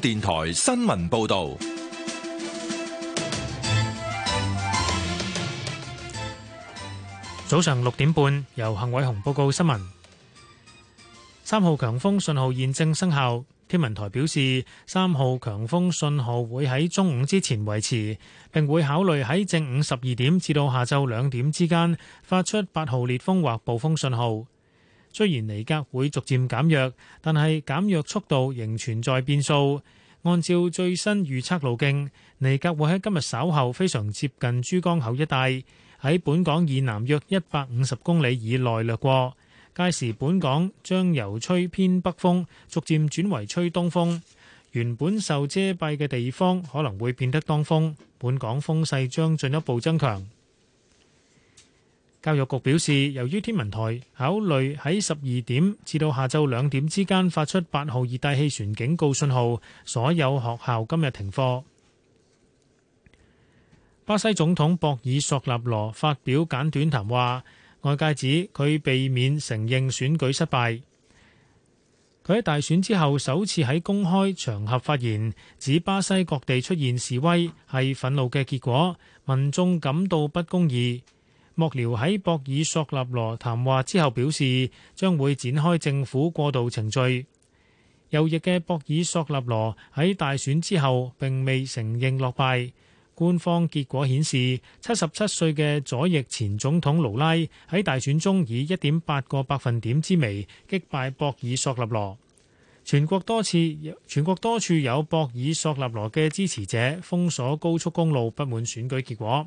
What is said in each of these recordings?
電台新聞報道：早上六點半，由幸偉雄報告新聞。三號強風信號現正生效，天文台表示，三號強風信號會喺中午之前維持，並會考慮喺正午十二點至到下晝兩點之間發出八號烈風或暴風信號。雖然尼格會逐漸減弱，但係減弱速度仍存在變數。按照最新預測路徑，尼格會喺今日稍後非常接近珠江口一帶，喺本港以南約一百五十公里以內掠過。屆時本港將由吹偏北風逐漸轉為吹東風，原本受遮蔽嘅地方可能會變得當風，本港風勢將進一步增強。教育局表示，由於天文台考慮喺十二點至到下晝兩點之間發出八號熱帶氣旋警告信號，所有學校今日停課。巴西總統博爾索納羅發表簡短談話，外界指佢避免承認選舉失敗。佢喺大選之後首次喺公開場合發言，指巴西各地出現示威係憤怒嘅結果，民眾感到不公義。幕僚喺博爾索納羅談話之後表示，將會展開政府過渡程序。右翼嘅博爾索納羅喺大選之後並未承認落敗。官方結果顯示，七十七歲嘅左翼前總統盧拉喺大選中以一點八個百分點之微擊敗博爾索納羅。全國多次、全國多處有博爾索納羅嘅支持者封鎖高速公路，不滿選舉結果。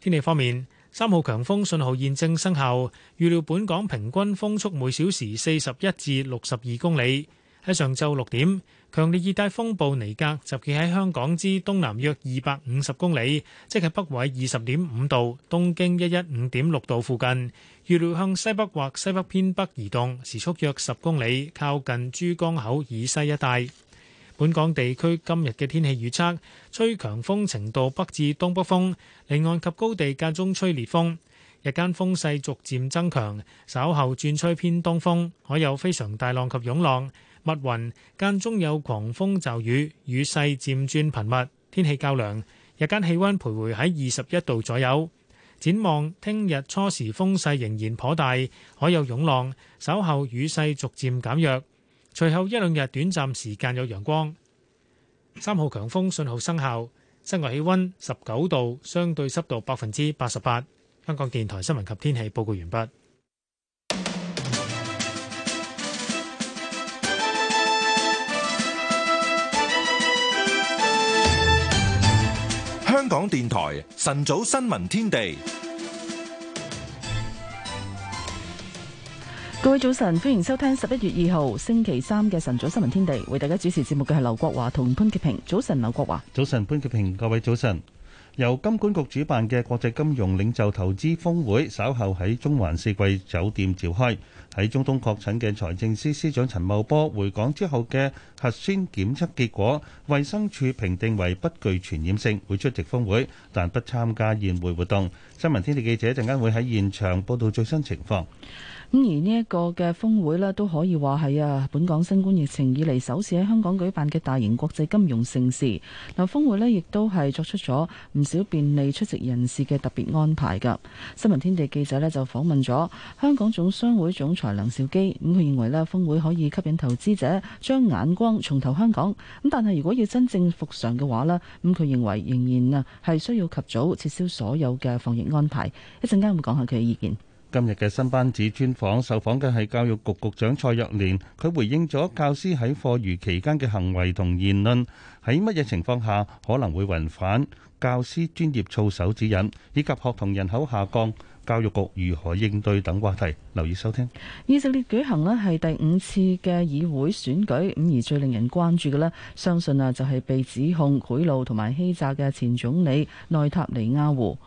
天氣方面，三號強風信號現正生效，預料本港平均風速每小時四十一至六十二公里。喺上晝六點，強烈熱帶風暴尼格集結喺香港之東南約二百五十公里，即係北緯二十點五度、東經一一五點六度附近。預料向西北或西北偏北移動，時速約十公里，靠近珠江口以西一帶。本港地區今日嘅天氣預測：吹強風程度北至東北風，離岸及高地間中吹烈風。日間風勢逐漸增強，稍後轉吹偏東風，海有非常大浪及湧浪。密雲間中有狂風驟雨，雨勢漸轉頻密，天氣較涼。日間氣温徘徊喺二十一度左右。展望聽日初時風勢仍然頗大，海有湧浪，稍後雨勢逐漸減,減弱。隨後一兩日短暫時間有陽光。三號強風信號生效，室外氣溫十九度，相對濕度百分之八十八。香港電台新聞及天氣報告完畢。香港電台晨早新聞天地。各位早晨，歡迎收聽十一月二號星期三嘅晨早新聞天地。為大家主持節目嘅係劉國華同潘潔平。早晨，劉國華。早晨，潘潔平。各位早晨。由金管局主辦嘅國際金融領袖投資峰會稍後喺中環四季酒店召開。喺中東確診嘅財政司司長陳茂波回港之後嘅核酸檢測結果，衛生署評定為不具傳染性，會出席峰會，但不參加宴會活動。新聞天地記者陣間會喺現場報道最新情況。咁而呢一個嘅峰會咧，都可以話係啊，本港新冠疫情以嚟首次喺香港舉辦嘅大型國際金融盛事。嗱，峯會咧亦都係作出咗唔少便利出席人士嘅特別安排㗎。新聞天地記者咧就訪問咗香港總商會總裁梁兆基。咁、嗯、佢認為咧，峯會可以吸引投資者將眼光重投香港。咁但係如果要真正復常嘅話咧，咁、嗯、佢認為仍然啊係需要及早撤銷所有嘅防疫安排。一陣間會講下佢嘅意見。今日嘅新班子專訪，受訪嘅係教育局局長蔡若蓮，佢回應咗教師喺課餘期間嘅行為同言論，喺乜嘢情況下可能會違反教師專業操守指引，以及學童人口下降，教育局如何應對等話題。留意收聽。以色列舉行呢係第五次嘅議會選舉，咁而最令人關注嘅呢，相信啊就係被指控賄賂同埋欺詐嘅前總理內塔尼亞胡。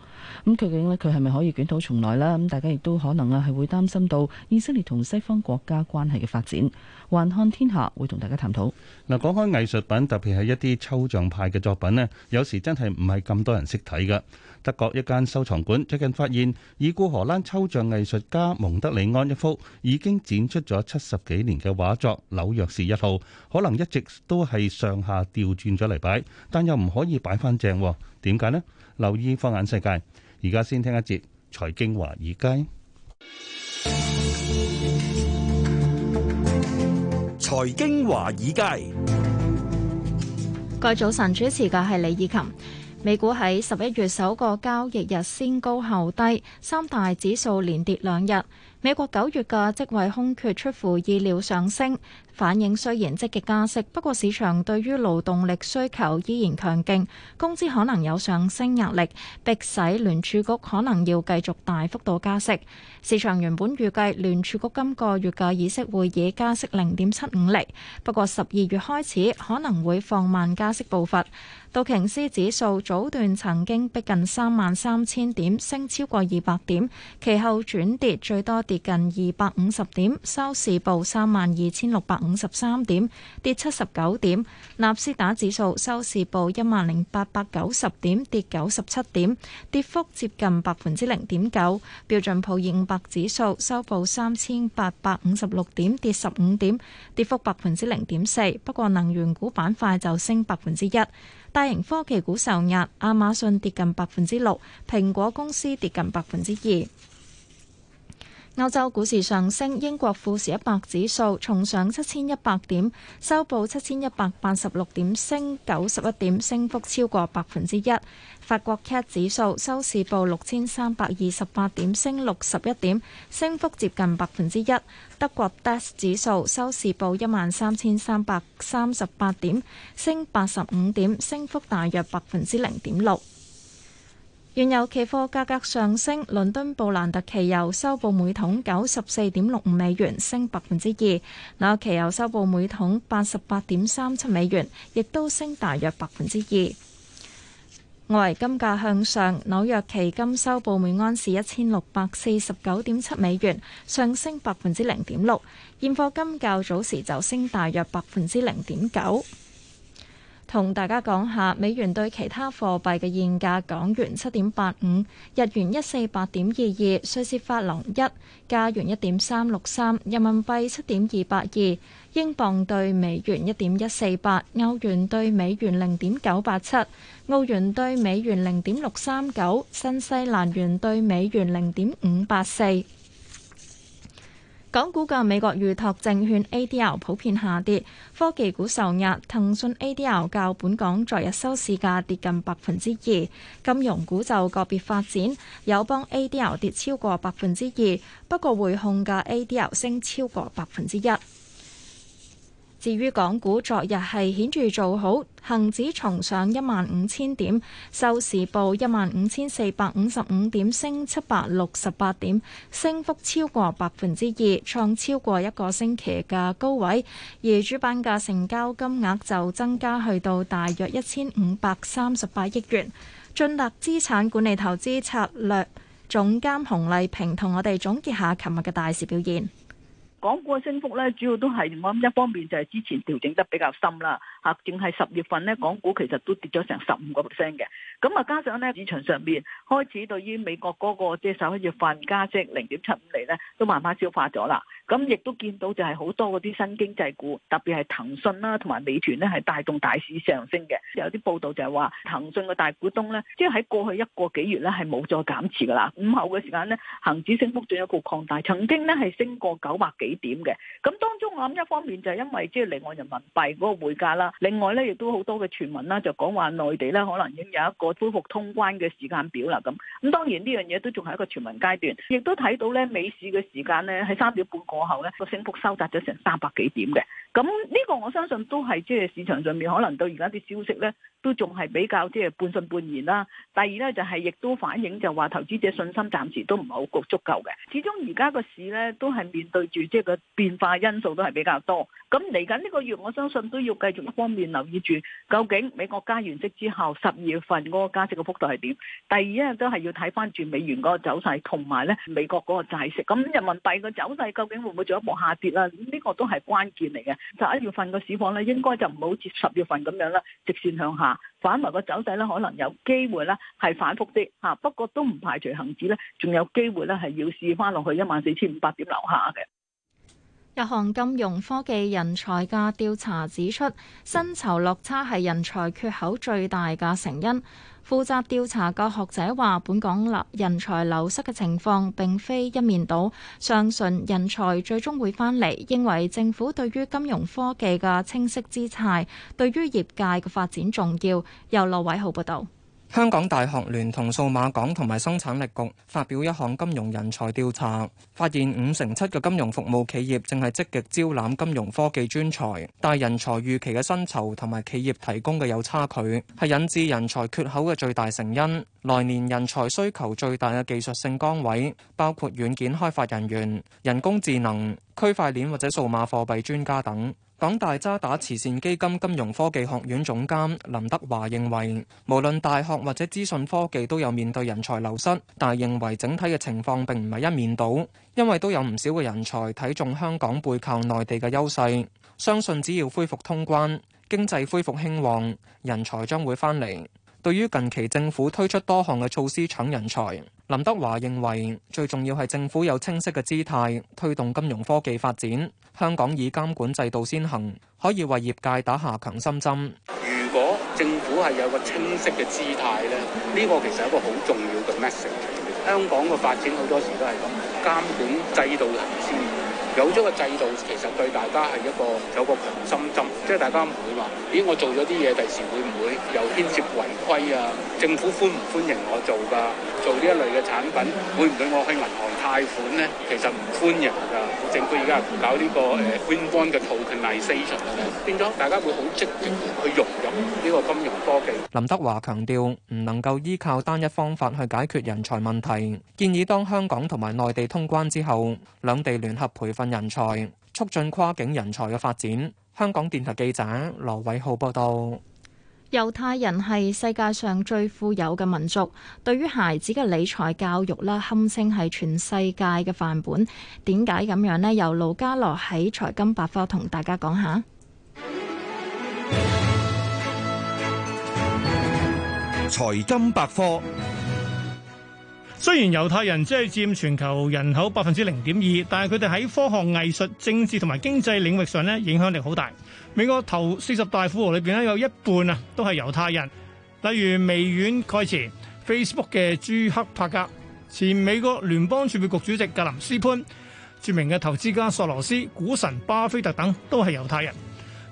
咁究竟咧，佢係咪可以捲土重來啦？咁大家亦都可能啊，係會擔心到以色列同西方國家關係嘅發展。還看天下會同大家探討。嗱，講開藝術品，特別係一啲抽象派嘅作品呢，有時真係唔係咁多人識睇嘅。德國一間收藏館最近發現已故荷蘭抽象藝術家蒙德里安一幅已經展出咗七十幾年嘅畫作《紐約市一號》，可能一直都係上下調轉咗嚟擺，但又唔可以擺翻正。點解呢？留意放眼世界。而家先聽一節財經華爾街。財經華爾街。各位早晨，主持嘅係李綺琴。美股喺十一月首個交易日先高後低，三大指數連跌兩日。美國九月嘅職位空缺出乎意料上升，反映雖然積極加息，不過市場對於勞動力需求依然強勁，工資可能有上升壓力，迫使聯儲局可能要繼續大幅度加息。市場原本預計聯儲局今個月嘅議息會議加息零點七五厘，不過十二月開始可能會放慢加息步伐。道瓊斯指數早段曾經逼近三萬三千點，升超過二百點，其後轉跌最多，跌近二百五十點，收市報三萬二千六百五十三點，跌七十九點。納斯達指數收市報一萬零八百九十點，跌九十七點，跌幅接近百分之零點九。標準普爾五百指數收報三千八百五十六點，跌十五點，跌幅百分之零點四。不過能源股板塊就升百分之一，大型科技股受壓，亞馬遜跌近百分之六，蘋果公司跌近百分之二。歐洲股市上升，英國富時一百指數重上七千一百點，收報七千一百八十六點，升九十一點，升幅超過百分之一。法國 CAC 指數收市報六千三百二十八點，升六十一點，升幅接近百分之一。德國 DAX 指數收市報一萬三千三百三十八點，升八十五點，升幅大約百分之零點六。原油期貨價格上升，倫敦布蘭特期油收報每桶九十四點六五美元，升百分之二；紐約期油收報每桶八十八點三七美元，亦都升大約百分之二。外圍金價向上，紐約期金收報每安士一千六百四十九點七美元，上升百分之零點六；現貨金較早時就升大約百分之零點九。同大家講下美元對其他貨幣嘅現價：港元七點八五，日元一四八點二二，瑞士法郎一，加元一點三六三，人民幣七點二八二，英鎊對美元一點一四八，歐元對美元零點九八七，澳元對美元零點六三九，新西蘭元對美元零點五八四。港股嘅美國預託證券 ADR 普遍下跌，科技股受壓，騰訊 ADR 較本港昨日收市價跌近百分之二。金融股就個別發展，友邦 ADR 跌超過百分之二，不過匯控嘅 ADR 升超過百分之一。至於港股昨日係顯著做好，恒指重上一萬五千點，收市報一萬五千四百五十五點，升七百六十八點，升幅超過百分之二，創超過一個星期嘅高位。而主板嘅成交金額就增加去到大約一千五百三十八億元。進達資產管理投資策略總監洪麗萍同我哋總結下琴日嘅大市表現。港股嘅升幅咧，主要都係我諗一方面就係之前調整得比較深啦。啊，正係十月份呢，港股其實都跌咗成十五個 percent 嘅。咁啊，加上呢，市場上面開始對於美國嗰個即係十一月份加息零點七五厘呢，都慢慢消化咗啦。咁亦都見到就係好多嗰啲新經濟股，特別係騰訊啦，同埋美團呢，係帶動大市上升嘅。有啲報道就係話騰訊嘅大股東呢，即係喺過去一個幾月呢，係冇再減持噶啦。午後嘅時間呢，恒指升幅進一步擴大，曾經呢係升過九百幾點嘅。咁當中我諗一方面就係因為即係離岸人民幣嗰個匯價啦。另外咧，亦都好多嘅傳聞啦，啊，就講話內地咧，可能已經有一個恢復通關嘅時間表啦。咁咁當然呢樣嘢都仲係一個傳聞階段，亦都睇到咧，美市嘅時間咧喺三點半過後咧個升幅收窄咗成三百幾點嘅。咁呢個我相信都係即係市場上面可能到而家啲消息咧，都仲係比較即係半信半疑啦。第二咧就係亦都反映就話投資者信心暫時都唔係好夠足夠嘅。始終而家個市咧都係面對住即係個變化因素都係比較多。咁嚟緊呢個月我相信都要繼續方面留意住，究竟美國加完息之後，十二月份嗰個加息嘅幅度係點？第二咧都係要睇翻轉美元嗰個走勢，同埋咧美國嗰個債息。咁人民幣嘅走勢究竟會唔會進一步下跌啦？呢、這個都係關鍵嚟嘅。十一月份嘅市況咧，應該就唔好似十月份咁樣啦，直線向下。反為個走勢咧，可能有機會咧係反覆啲嚇，不過都唔排除恆指咧仲有機會咧係要試翻落去一萬四千五百點樓下嘅。日韓金融科技人才嘅調查指出，薪酬落差係人才缺口最大嘅成因。負責調查嘅學者話，本港留人才流失嘅情況並非一面倒，相信人才最終會翻嚟。認為政府對於金融科技嘅清晰姿態對於業界嘅發展重要。由劉偉豪報導。香港大學聯同數碼港同埋生產力局發表一項金融人才調查，發現五成七嘅金融服務企業正係積極招攬金融科技專才，但人才預期嘅薪酬同埋企業提供嘅有差距，係引致人才缺口嘅最大成因。來年人才需求最大嘅技術性崗位包括軟件開發人員、人工智能、區塊鏈或者數碼貨幣專家等。港大渣打慈善基金金融科技學院總監林德華認為，無論大學或者資訊科技都有面對人才流失，但係認為整體嘅情況並唔係一面倒，因為都有唔少嘅人才睇中香港背靠內地嘅優勢。相信只要恢復通關，經濟恢復興旺，人才將會翻嚟。對於近期政府推出多項嘅措施搶人才，林德華認為最重要係政府有清晰嘅姿態推動金融科技發展。香港以監管制度先行，可以為業界打下強心針。如果政府係有個清晰嘅姿態咧，呢、呢個其實係一個好重要嘅 message。香港嘅發展好多時都係咁，監管制度行先。有咗個制度，其實對大家係一個有個強心針，即係大家唔會話：咦，我做咗啲嘢，第時會唔會又牽涉違規啊？政府歡唔歡迎我做㗎？做呢一類嘅產品，會唔會我去銀行貸款咧？其實唔歡迎㗎。政府而家係搞呢個誒官方嘅 tokenisation 咧，變咗大家會好積極去融入呢個金融科技。林德華強調，唔能夠依靠單一方法去解決人才問題，建議當香港同埋內地通關之後，兩地聯合培訓。人才促進跨境人才嘅發展。香港電台記者羅偉浩報道：猶太人係世界上最富有嘅民族，對於孩子嘅理財教育啦，堪稱係全世界嘅範本。點解咁樣咧？由盧家樂喺財金百科同大家講下。財金百科。雖然猶太人只係佔全球人口百分之零點二，但係佢哋喺科學、藝術、政治同埋經濟領域上咧影響力好大。美國頭四十大富豪裏邊咧有一半啊都係猶太人，例如微軟蓋茨、Facebook 嘅朱克柏格、前美國聯邦儲備局主席格林斯潘、著名嘅投資家索羅斯、股神巴菲特等都係猶太人。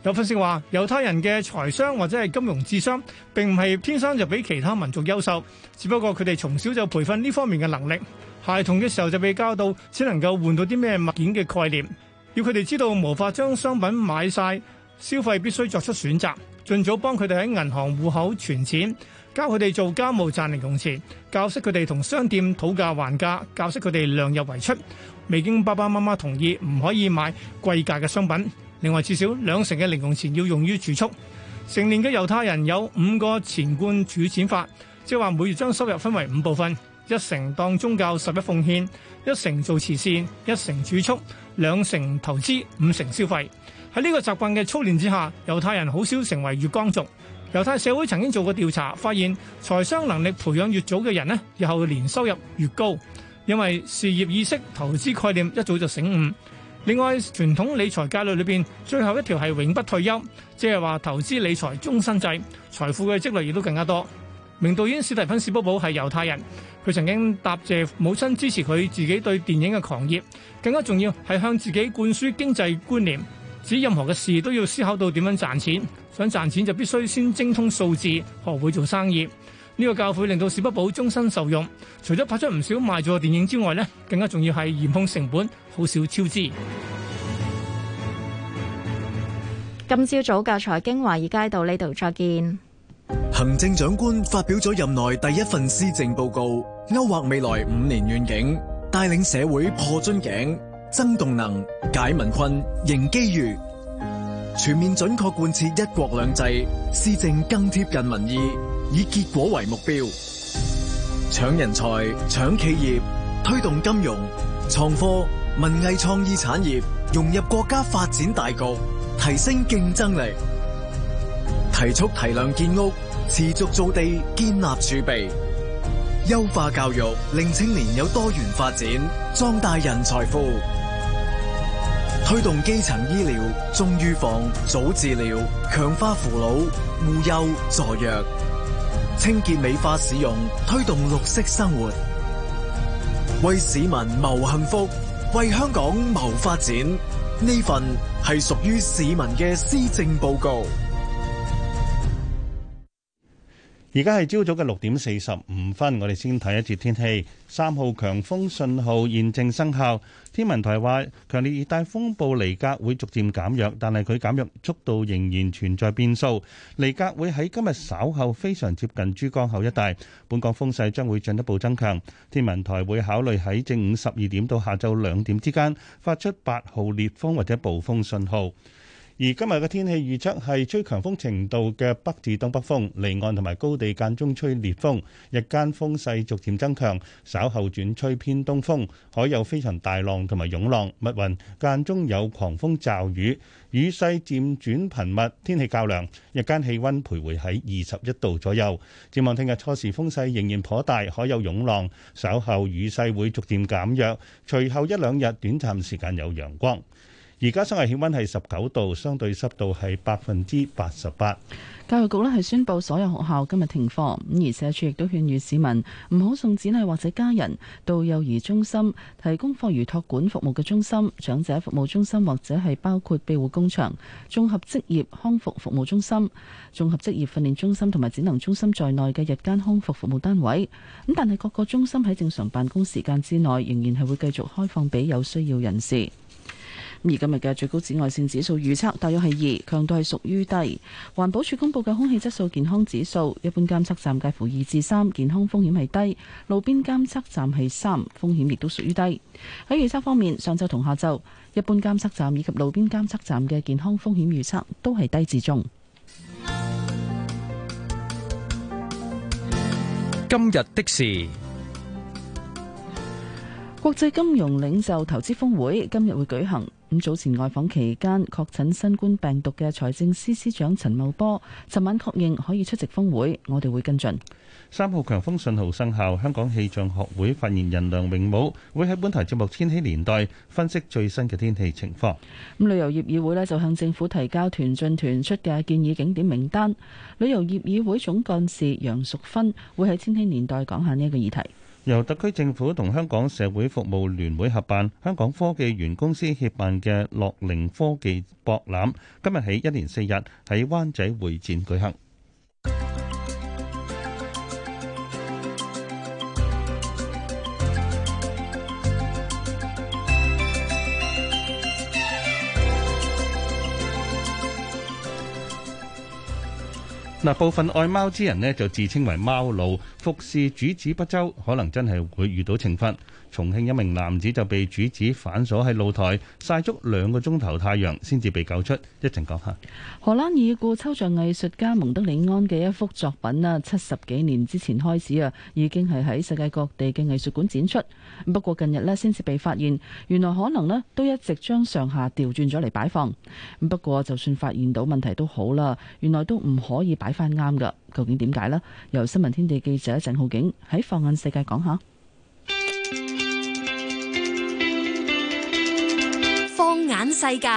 有分析話，猶太人嘅財商或者係金融智商並唔係天生就比其他民族優秀，只不過佢哋從小就培訓呢方面嘅能力。孩童嘅時候就被教到，只能夠換到啲咩物件嘅概念，要佢哋知道無法將商品買晒，消費必須作出選擇。盡早幫佢哋喺銀行戶口存錢，教佢哋做家務賺零用錢，教識佢哋同商店討價還價，教識佢哋量入為出，未經爸爸媽媽同意唔可以買貴價嘅商品。另外，至少兩成嘅零用錢要用於儲蓄。成年嘅猶太人有五個錢罐儲錢法，即係話每月將收入分為五部分：一成當宗教十一奉獻，一成做慈善，一成儲蓄，兩成投資，五成消費。喺呢個習慣嘅操練之下，猶太人好少成為月光族。猶太社會曾經做過調查，發現財商能力培養越早嘅人呢，以後年收入越高，因為事業意識、投資概念一早就醒悟。另外，傳統理財戒律裏邊最後一條係永不退休，即係話投資理財終身制，財富嘅積累亦都更加多。名導演史蒂芬史匹堡係猶太人，佢曾經答謝母親支持佢自己對電影嘅狂熱，更加重要係向自己灌輸經濟觀念，指任何嘅事都要思考到點樣賺錢，想賺錢就必須先精通數字，學會做生意。呢個教誨令到史匹堡終身受用。除咗拍出唔少賣座電影之外，呢更加重要係嚴控成本，好少超支。今朝早嘅財經華爾街到呢度再見。行政長官發表咗任內第一份施政報告，勾畫未來五年願景，帶領社會破樽頸、增動能、解民困、迎機遇，全面準確貫徹一國兩制，施政更貼近民意。以結果為目標，搶人才、搶企業，推動金融、創科、文藝創意產業融入國家發展大局，提升競爭力。提速提量建屋，持續造地，建立儲備，優化教育，令青年有多元發展，壯大人才庫。推動基層醫療，重預防、早治療，強化扶老、護幼、助弱。清潔美化市容，推動綠色生活，為市民謀幸福，為香港謀發展。呢份係屬於市民嘅施政報告。而家係朝早嘅六點四十五分，我哋先睇一節天氣。三號強風信號現正生效。天文台話，強烈熱帶風暴尼格會逐漸減弱，但係佢減弱速度仍然存在變數。尼格會喺今日稍後非常接近珠江口一帶，本港風勢將會進一步增強。天文台會考慮喺正午十二點到下晝兩點之間發出八號烈風或者暴風信號。而今日嘅天氣預測係吹強風程度嘅北至東北風，離岸同埋高地間中吹烈風，日間風勢逐漸增強，稍後轉吹偏東風，海有非常大浪同埋湧浪，密雲間中有狂風驟雨，雨勢漸轉頻密，天氣較涼，日間氣温徘徊喺二十一度左右。展望聽日初時風勢仍然頗大，海有湧浪，稍後雨勢會逐漸減弱，隨後一兩日短暫時間有陽光。而家室外氣溫係十九度，相對濕度係百分之八十八。教育局呢，係宣布所有學校今日停課，咁而社署亦都勸喻市民唔好送子女或者家人到幼兒中心、提供課餘託管服務嘅中心、長者服務中心或者係包括庇護工場、綜合職業康復服務中心、綜合職業訓練中心同埋展能中心在內嘅日間康復服務單位。咁但係各個中心喺正常辦公時間之內，仍然係會繼續開放俾有需要人士。而今日嘅最高紫外線指數預測大約係二，強度係屬於低。環保署公布嘅空氣質素健康指數，一般監測站介乎二至三，健康風險係低；路邊監測站係三，風險亦都屬於低。喺預測方面，上晝同下晝，一般監測站以及路邊監測站嘅健康風險預測都係低至中。今日的事，國際金融領袖投資峰會今日會舉行。咁早前外訪期間確診新冠病毒嘅財政司司長陳茂波，尋晚確認可以出席峰會，我哋會跟進。三號強風信號生效，香港氣象學會發言人梁榮武會喺本台節目《千禧年代》分析最新嘅天氣情況。旅遊業議會咧就向政府提交團進團出嘅建議景點名單。旅遊業議會總幹事楊淑芬會喺《千禧年代》講下呢一個議題。由特區政府同香港社會服務聯會合辦、香港科技園公司協辦嘅樂齡科技博覽，今日起一連四日喺灣仔會展舉行。嗱，部分愛貓之人咧就自稱為貓奴，服侍主子不周，可能真係會遇到懲罰。重慶一名男子就被主子反鎖喺露台曬足兩個鐘頭太陽，先至被救出。講一陣講下。荷蘭已故抽象藝術家蒙德里安嘅一幅作品啊，七十幾年之前開始啊，已經係喺世界各地嘅藝術館展出。咁不過近日呢，先至被發現，原來可能呢都一直將上下調轉咗嚟擺放。咁不過就算發現到問題都好啦，原來都唔可以擺翻啱噶。究竟點解呢？由新聞天地記者鄭浩景喺放眼世界講下。眼世界，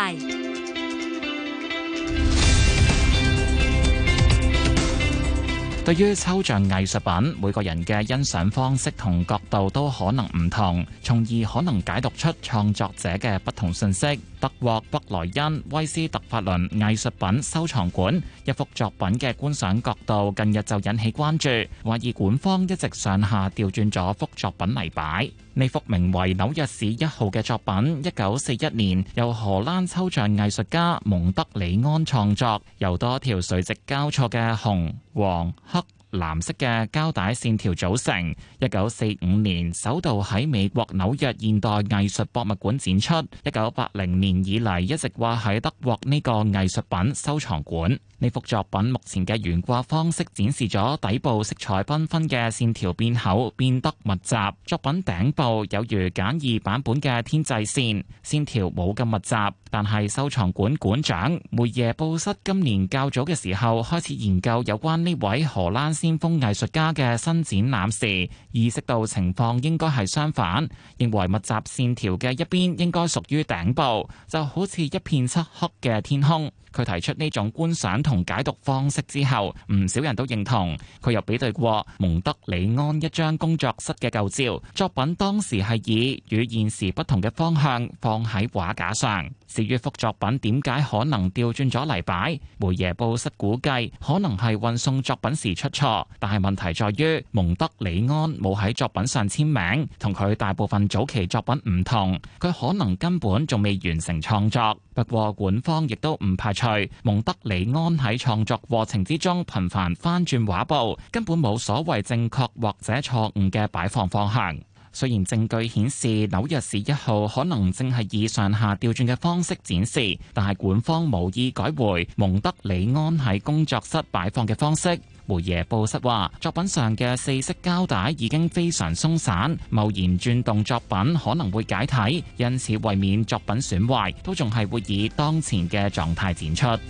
對於抽象藝術品，每個人嘅欣賞方式同角度都可能唔同，從而可能解讀出創作者嘅不同信息。德國北萊茵威斯特法倫藝術品收藏館一幅作品嘅觀賞角度近日就引起關注，懷疑館方一直上下調轉咗幅作品嚟擺。呢幅名為《紐約市一號》嘅作品，一九四一年由荷蘭抽象藝術家蒙德里安創作，由多條垂直交錯嘅紅、黃、黑、藍色嘅膠帶線條組成，一九四五年首度喺美國紐約現代藝術博物館展出，一九八零年以嚟一直掛喺德國呢個藝術品收藏館。呢幅作品目前嘅懸掛方式展示咗底部色彩繽紛嘅線條變厚變得密集，作品頂部有如簡易版本嘅天際線，線條冇咁密集。但係收藏館館長梅耶布斯今年較早嘅時候開始研究有關呢位荷蘭。先鋒藝術家嘅新展覽時，意識到情況應該係相反，認為密集線條嘅一邊應該屬於頂部，就好似一片漆黑嘅天空。佢提出呢種觀賞同解讀方式之後，唔少人都認同。佢又比對過蒙德里安一張工作室嘅舊照，作品當時係以與現時不同嘅方向放喺畫架上。至於幅作品點解可能調轉咗嚟擺，梅耶布室估計可能係運送作品時出錯，但係問題在於蒙德里安冇喺作品上簽名，同佢大部分早期作品唔同。佢可能根本仲未完成創作。不過館方亦都唔排除。蒙德里安喺創作過程之中頻繁翻轉畫布，根本冇所謂正確或者錯誤嘅擺放方向。雖然證據顯示紐約市一號可能正係以上下調轉嘅方式展示，但係館方無意改回蒙德里安喺工作室擺放嘅方式。梅耶布失話：作品上嘅四色膠帶已經非常鬆散，貿然轉動作品可能會解體，因此為免作品損壞，都仲係會以當前嘅狀態展出。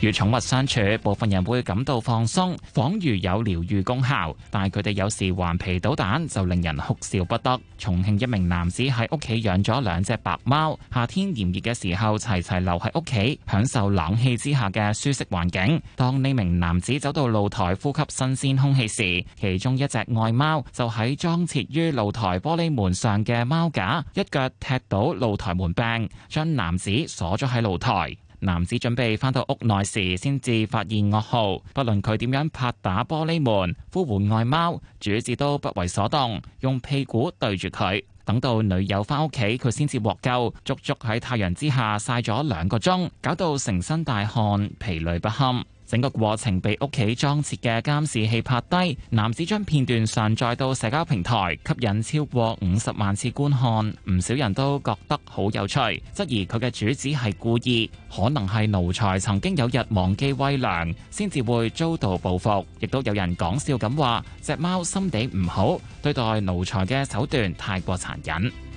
與寵物相處，部分人會感到放鬆，仿如有療癒功效。但係佢哋有時頑皮搗蛋，就令人哭笑不得。重慶一名男子喺屋企養咗兩隻白貓，夏天炎熱嘅時候，齊齊留喺屋企，享受冷氣之下嘅舒適環境。當呢名男子走到露台呼吸新鮮空氣時，其中一隻外貓就喺裝設於露台玻璃門上嘅貓架，一腳踢到露台門柄，將男子鎖咗喺露台。男子準備翻到屋內時，先至發現噩耗。不論佢點樣拍打玻璃門、呼喚外貓，主子都不為所動，用屁股對住佢。等到女友翻屋企，佢先至獲救，足足喺太陽之下曬咗兩個鐘，搞到成身大汗、疲累不堪。整個過程被屋企裝設嘅監視器拍低，男子將片段上載到社交平台，吸引超過五十萬次觀看。唔少人都覺得好有趣，質疑佢嘅主子係故意，可能係奴才曾經有日忘記餵糧，先至會遭到報復。亦都有人講笑咁話：隻貓心地唔好，對待奴才嘅手段太過殘忍。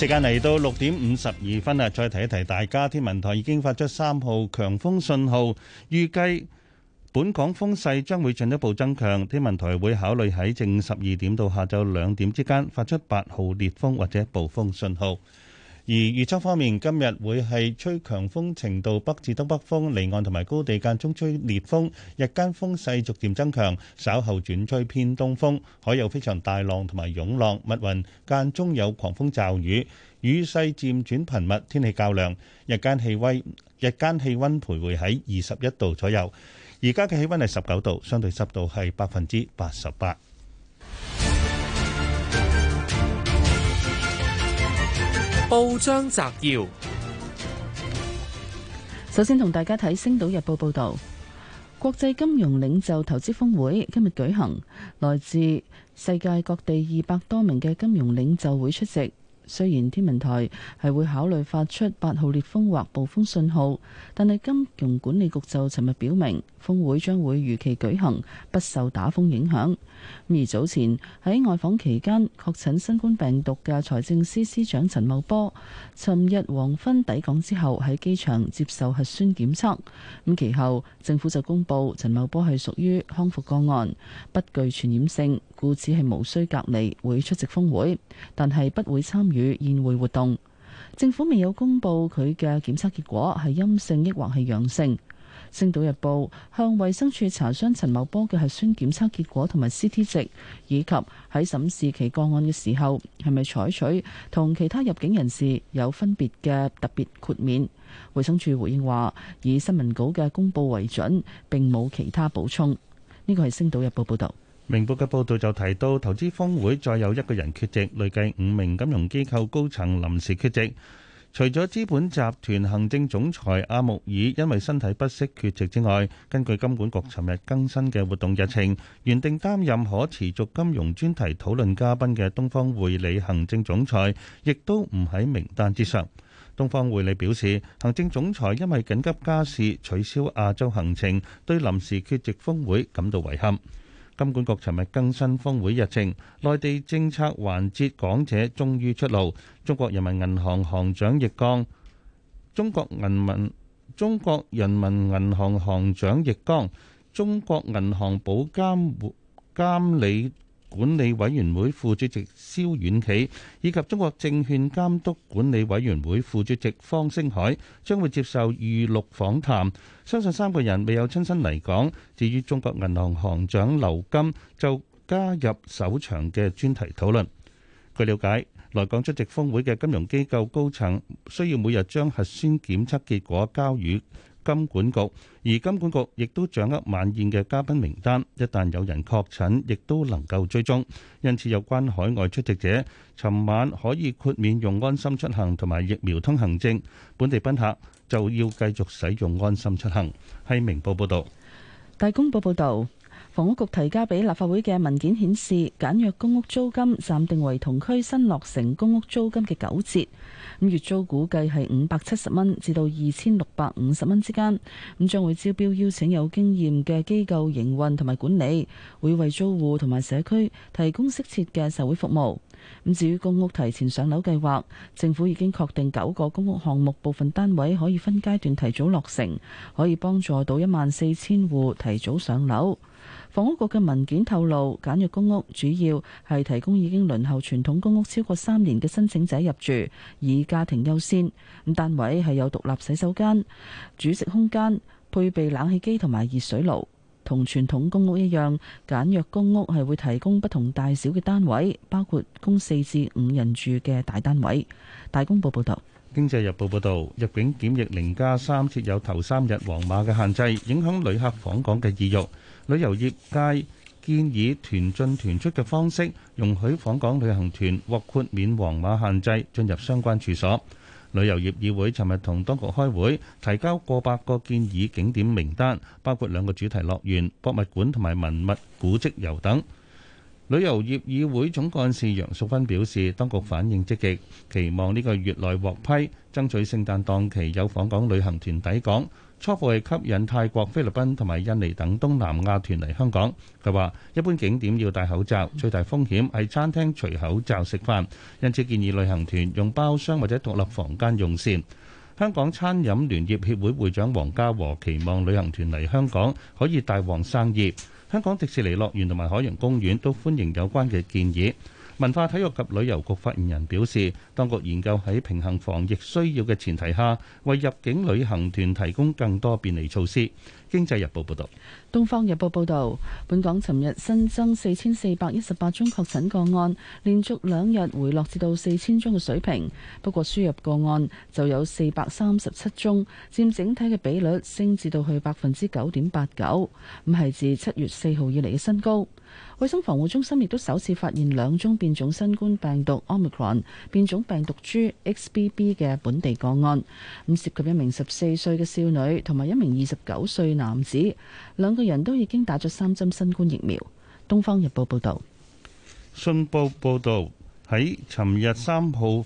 時間嚟到六點五十二分啦，再提一提大家，天文台已經發出三號強風信號，預計本港風勢將會進一步增強，天文台會考慮喺正十二點到下晝兩點之間發出八號烈風或者暴風信號。而預測方面，今日會係吹強風程度北至東北風，離岸同埋高地間中吹烈風，日間風勢逐漸增強，稍後轉吹偏東風，海有非常大浪同埋湧浪，密雲間中有狂風驟雨，雨勢漸轉頻密，天氣較涼，日間氣温日間氣温徘徊喺二十一度左右，而家嘅氣温係十九度，相對濕度係百分之八十八。報章摘要：首先同大家睇《星島日報》報道，國際金融領袖投資峰會今日舉行，來自世界各地二百多名嘅金融領袖會出席。雖然天文台係會考慮發出八號烈風或暴風信號，但係金融管理局就尋日表明。峰會將會如期舉行，不受打風影響。而早前喺外訪期間確診新冠病毒嘅財政司司長陳茂波，尋日黃昏抵港之後喺機場接受核酸檢測。咁其後政府就公佈陳茂波係屬於康復個案，不具傳染性，故此係無需隔離，會出席峰會，但係不會參與宴會活動。政府未有公佈佢嘅檢測結果係陰性抑或係陽性。星島日報向衛生署查詢陳茂波嘅核酸檢測結果同埋 CT 值，以及喺審視其個案嘅時候，係咪採取同其他入境人士有分別嘅特別豁免？衛生署回應話，以新聞稿嘅公布為準，並冇其他補充。呢個係星島日報報道。明報嘅報道就提到，投資峰會再有一個人缺席，累計五名金融機構高層臨時缺席。除咗資本集團行政總裁阿木爾因為身體不適缺席之外，根據金管局尋日更新嘅活動日程，原定擔任可持續金融專題討論嘉賓嘅東方匯理行政總裁，亦都唔喺名單之上。東方匯理表示，行政總裁因為緊急家事取消亞洲行程，對臨時缺席峰會感到遺憾。金管局尋日更新峰會日程，內地政策環節講者終於出爐。中國人民銀行行長易剛、中國人民、中國人民銀行行長易剛、中國銀行保監會監理管理委員會副主席肖遠企以及中國證券監督管理委員會副主席方星海將會接受預錄訪談，相信三個人未有親身嚟港。至於中國銀行行長劉金就加入首場嘅專題討論。據了解，來港出席峰會嘅金融機構高層需要每日將核酸檢測結果交予。金管局，而金管局亦都掌握晚宴嘅嘉賓名單，一旦有人確診，亦都能夠追蹤。因此，有關海外出席者，尋晚可以豁免用安心出行同埋疫苗通行證，本地賓客就要繼續使用安心出行。係明報報道，大公報報道。房屋局提交俾立法會嘅文件顯示，簡約公屋租金暫定為同區新落成公屋租金嘅九折，咁月租估計係五百七十蚊至到二千六百五十蚊之間。咁將會招標邀請有經驗嘅機構營運同埋管理，會為租戶同埋社區提供適切嘅社會服務。咁至於公屋提前上樓計劃，政府已經確定九個公屋項目部分單位可以分階段提早落成，可以幫助到一萬四千戶提早上樓。房屋局嘅文件透露，簡約公屋主要係提供已經輪候傳統公屋超過三年嘅申請者入住，以家庭優先。單位係有獨立洗手間，煮食空間配備冷氣機同埋熱水爐同傳統公屋一樣，簡約公屋係會提供不同大小嘅單位，包括供四至五人住嘅大單位。大公報報道，《經濟日報》報道，入境檢疫零加三設有頭三日黃碼嘅限制，影響旅客訪港嘅意欲。旅遊業界建議團進團出嘅方式，容許訪港旅行團獲豁免黃碼限制，進入相關處所。旅遊業議會尋日同當局開會，提交過百個建議景點名單，包括兩個主題樂園、博物館同埋文物古蹟遊等。旅遊業議會總幹事楊淑芬表示，當局反應積極，期望呢個月內獲批，爭取聖誕檔期有訪港旅行團抵港。初步係吸引泰國、菲律賓同埋印尼等東南亞團嚟香港。佢話：一般景點要戴口罩，最大風險係餐廳除口罩食飯，因此建議旅行團用包廂或者獨立房間用膳。香港餐飲聯業協會會長黃家和期望旅行團嚟香港可以大旺生意。香港迪士尼樂園同埋海洋公園都歡迎有關嘅建議。文化體育及旅遊局發言人表示，當局研究喺平衡防疫需要嘅前提下，為入境旅行團提供更多便利措施。經濟日報報道。東方日報報道，本港尋日新增四千四百一十八宗確診個案，連續兩日回落至到四千宗嘅水平。不過輸入個案就有四百三十七宗，佔整體嘅比率升至到去百分之九點八九，咁係自七月四號以嚟嘅新高。衛生防護中心亦都首次發現兩宗變種新冠病毒 Omicron 變種病毒株 XBB 嘅本地個案，咁涉及一名十四歲嘅少女同埋一名二十九歲男子，兩個人都已經打咗三針新冠疫苗。東方日報報道，信報報道喺尋日三號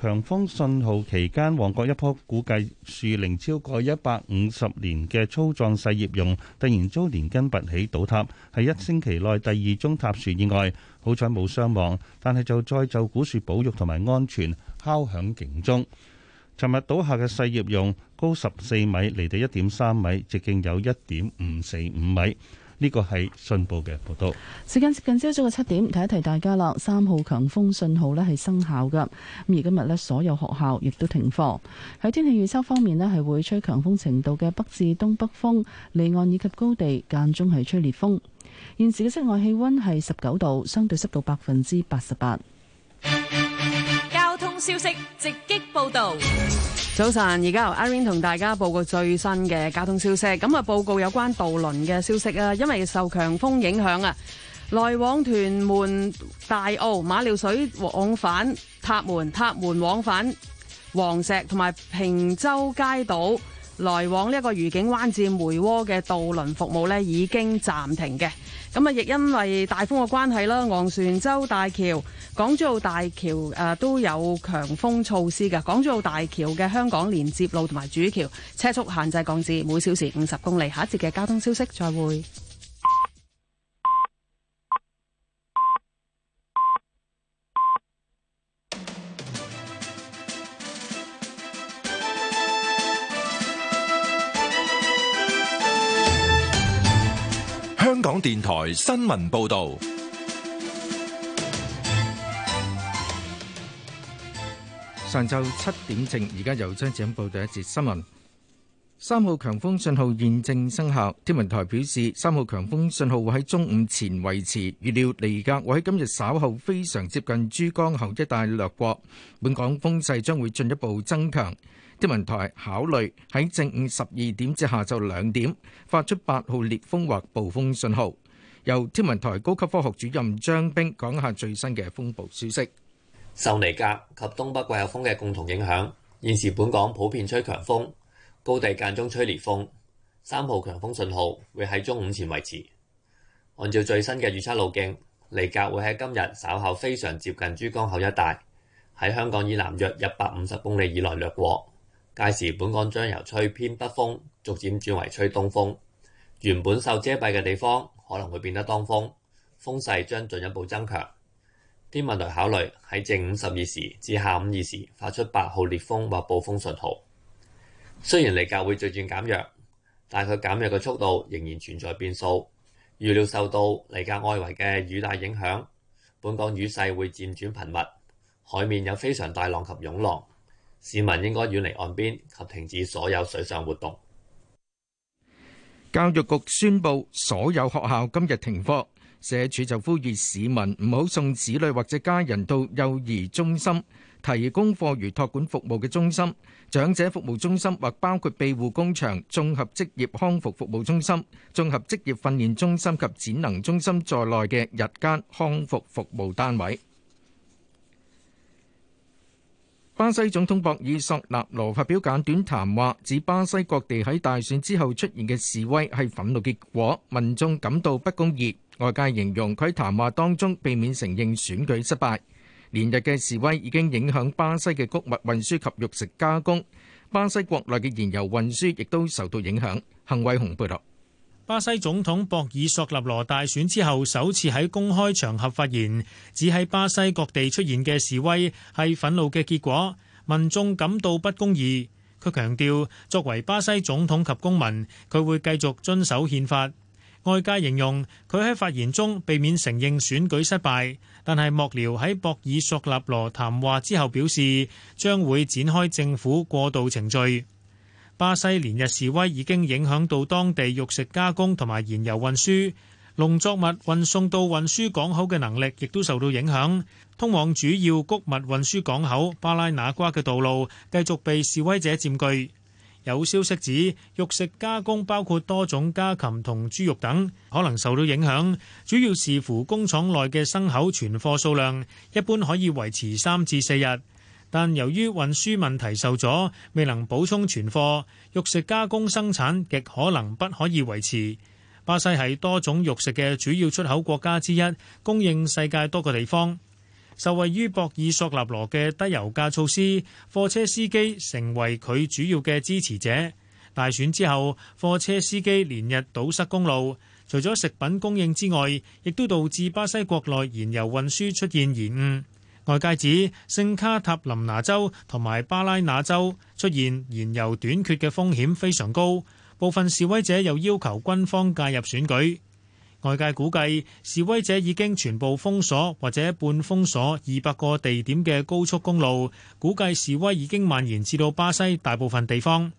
強風信號期間，旺角一棵估計樹齡超過一百五十年嘅粗壯細葉榕突然遭連根拔起倒塌，係一星期內第二宗塌樹意外，好彩冇傷亡，但係就再就古樹保育同埋安全敲響警鐘。尋日倒下嘅細葉榕高十四米，離地一點三米，直徑有一點五四五米。呢個係信報嘅報道。時間接近朝早嘅七點，提一提大家啦。三號強風信號咧係生效嘅，咁而今日呢，所有學校亦都停課。喺天氣預測方面呢係會吹強風程度嘅北至東北風，離岸以及高地間中係吹烈風。現時嘅室外氣温係十九度，相對濕度百分之八十八。消息直擊報道，早晨，而家由 Irene 同大家報告最新嘅交通消息。咁啊，報告有關渡輪嘅消息啊，因為受強風影響啊，來往屯門大澳、馬料水往返塔門、塔門往返黃石同埋坪洲街道。來往呢一個愉景灣至梅窩嘅渡輪服務呢已經暫停嘅，咁啊亦因為大風嘅關係啦，昂船洲大橋、港珠澳大橋誒、呃、都有強風措施嘅。港珠澳大橋嘅香港連接路同埋主橋車速限制降至每小時五十公里。下一節嘅交通消息，再會。香港電台新聞報道，上晝七點正，而家由張志恩報第一節新聞。三號強風信號現正生效，天文台表示，三號強風信號會喺中午前維持。預料尼格會喺今日稍後非常接近珠江口一帶掠過，本港風勢將會進一步增強。天文台考慮喺正午十二點至下晝兩點發出八號烈風或暴風信號。由天文台高級科學主任張冰講下最新嘅風暴消息。受尼格及東北季候風嘅共同影響，現時本港普遍吹強風，高地間中吹烈風。三號強風信號會喺中午前維持。按照最新嘅預測路徑，尼格會喺今日稍後非常接近珠江口一帶，喺香港以南約一百五十公里以內掠過。屆時，本港將由吹偏北風逐漸轉為吹東風，原本受遮蔽嘅地方可能會變得當風，風勢將進一步增強。天文台考慮喺正午十二時至下午二時發出八號烈風或暴風信號。雖然尼格會逐漸減弱，但佢減弱嘅速度仍然存在變數。預料受到尼格外圍嘅雨帶影響，本港雨勢會漸轉頻密，海面有非常大浪及湧浪。市民應該遠離岸邊及停止所有水上活動。教育局宣布所有學校今日停課，社署就呼籲市民唔好送子女或者家人到幼兒中心、提供課餘托管服務嘅中心、長者服務中心或包括庇護工場、綜合職業康復服務中心、綜合職業訓練中心及展能中心在內嘅日間康復服務單位。巴西總統博爾索納羅發表簡短談話，指巴西各地喺大選之後出現嘅示威係憤怒結果，民眾感到不公義。外界形容佢喺談話當中避免承認選舉失敗。連日嘅示威已經影響巴西嘅穀物運輸及肉食加工，巴西國內嘅燃油運輸亦都受到影響。幸偉紅報導。巴西總統博爾索納羅大選之後首次喺公開場合發言，指喺巴西各地出現嘅示威係憤怒嘅結果，民眾感到不公義。佢強調，作為巴西總統及公民，佢會繼續遵守憲法。外界形容佢喺發言中避免承認選舉失敗，但係幕僚喺博爾索納羅談話之後表示，將會展開政府過渡程序。巴西連日示威已經影響到當地肉食加工同埋燃油運輸，農作物運送到運輸港口嘅能力亦都受到影響。通往主要谷物運輸港口巴拉那瓜嘅道路繼續被示威者佔據。有消息指，肉食加工包括多種家禽同豬肉等，可能受到影響。主要視乎工廠內嘅牲口存貨數量，一般可以維持三至四日。但由於運輸問題受阻，未能補充存貨，肉食加工生產極可能不可以維持。巴西係多種肉食嘅主要出口國家之一，供應世界多個地方。受惠於博爾索納羅嘅低油價措施，貨車司機成為佢主要嘅支持者。大選之後，貨車司機連日堵塞公路，除咗食品供應之外，亦都導致巴西國內燃油運輸出現延誤。外界指聖卡塔林拿州同埋巴拉那州出現燃油短缺嘅風險非常高，部分示威者又要求軍方介入選舉，外界估計示威者已經全部封鎖或者半封鎖二百個地點嘅高速公路，估計示威已經蔓延至到巴西大部分地方。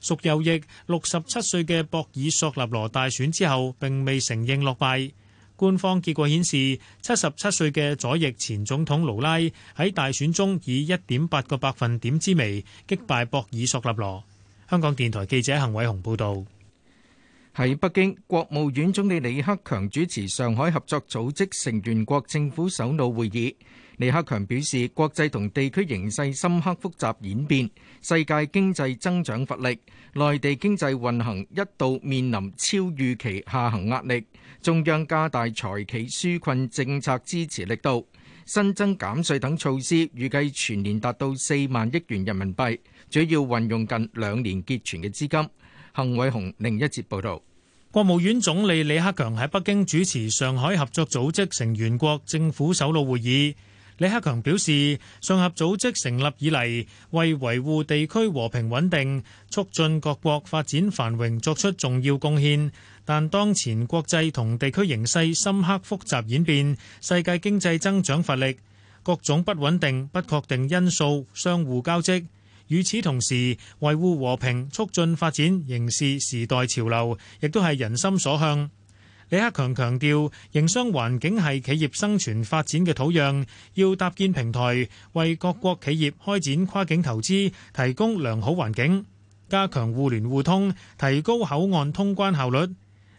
屬右翼六十七歲嘅博爾索納羅大選之後並未承認落敗。官方結果顯示，七十七歲嘅左翼前總統盧拉喺大選中以一點八個百分點之微擊敗博爾索納羅。香港電台記者幸偉雄報導。喺北京，國務院總理李克強主持上海合作組織成員國政府首腦會議。李克強表示，國際同地區形勢深刻複雜演變，世界經濟增長乏力，內地經濟運行一度面臨超預期下行壓力。中央加大財企紓困政策支持力度，新增減稅等措施預計全年達到四萬億元人民幣，主要運用近兩年結存嘅資金。幸偉雄另一節報導，國務院總理李克強喺北京主持上海合作組織成員國政府首腦會議。李克強表示，上合組織成立以嚟，為維護地區和平穩定、促進各國發展繁榮作出重要貢獻。但當前國際同地區形勢深刻複雜演變，世界經濟增長乏力，各種不穩定不確定因素相互交織。與此同時，維護和平、促進發展仍是時代潮流，亦都係人心所向。李克強強調，營商環境係企業生存發展嘅土壤，要搭建平台，為各國企業開展跨境投資，提供良好環境，加強互聯互通，提高口岸通關效率。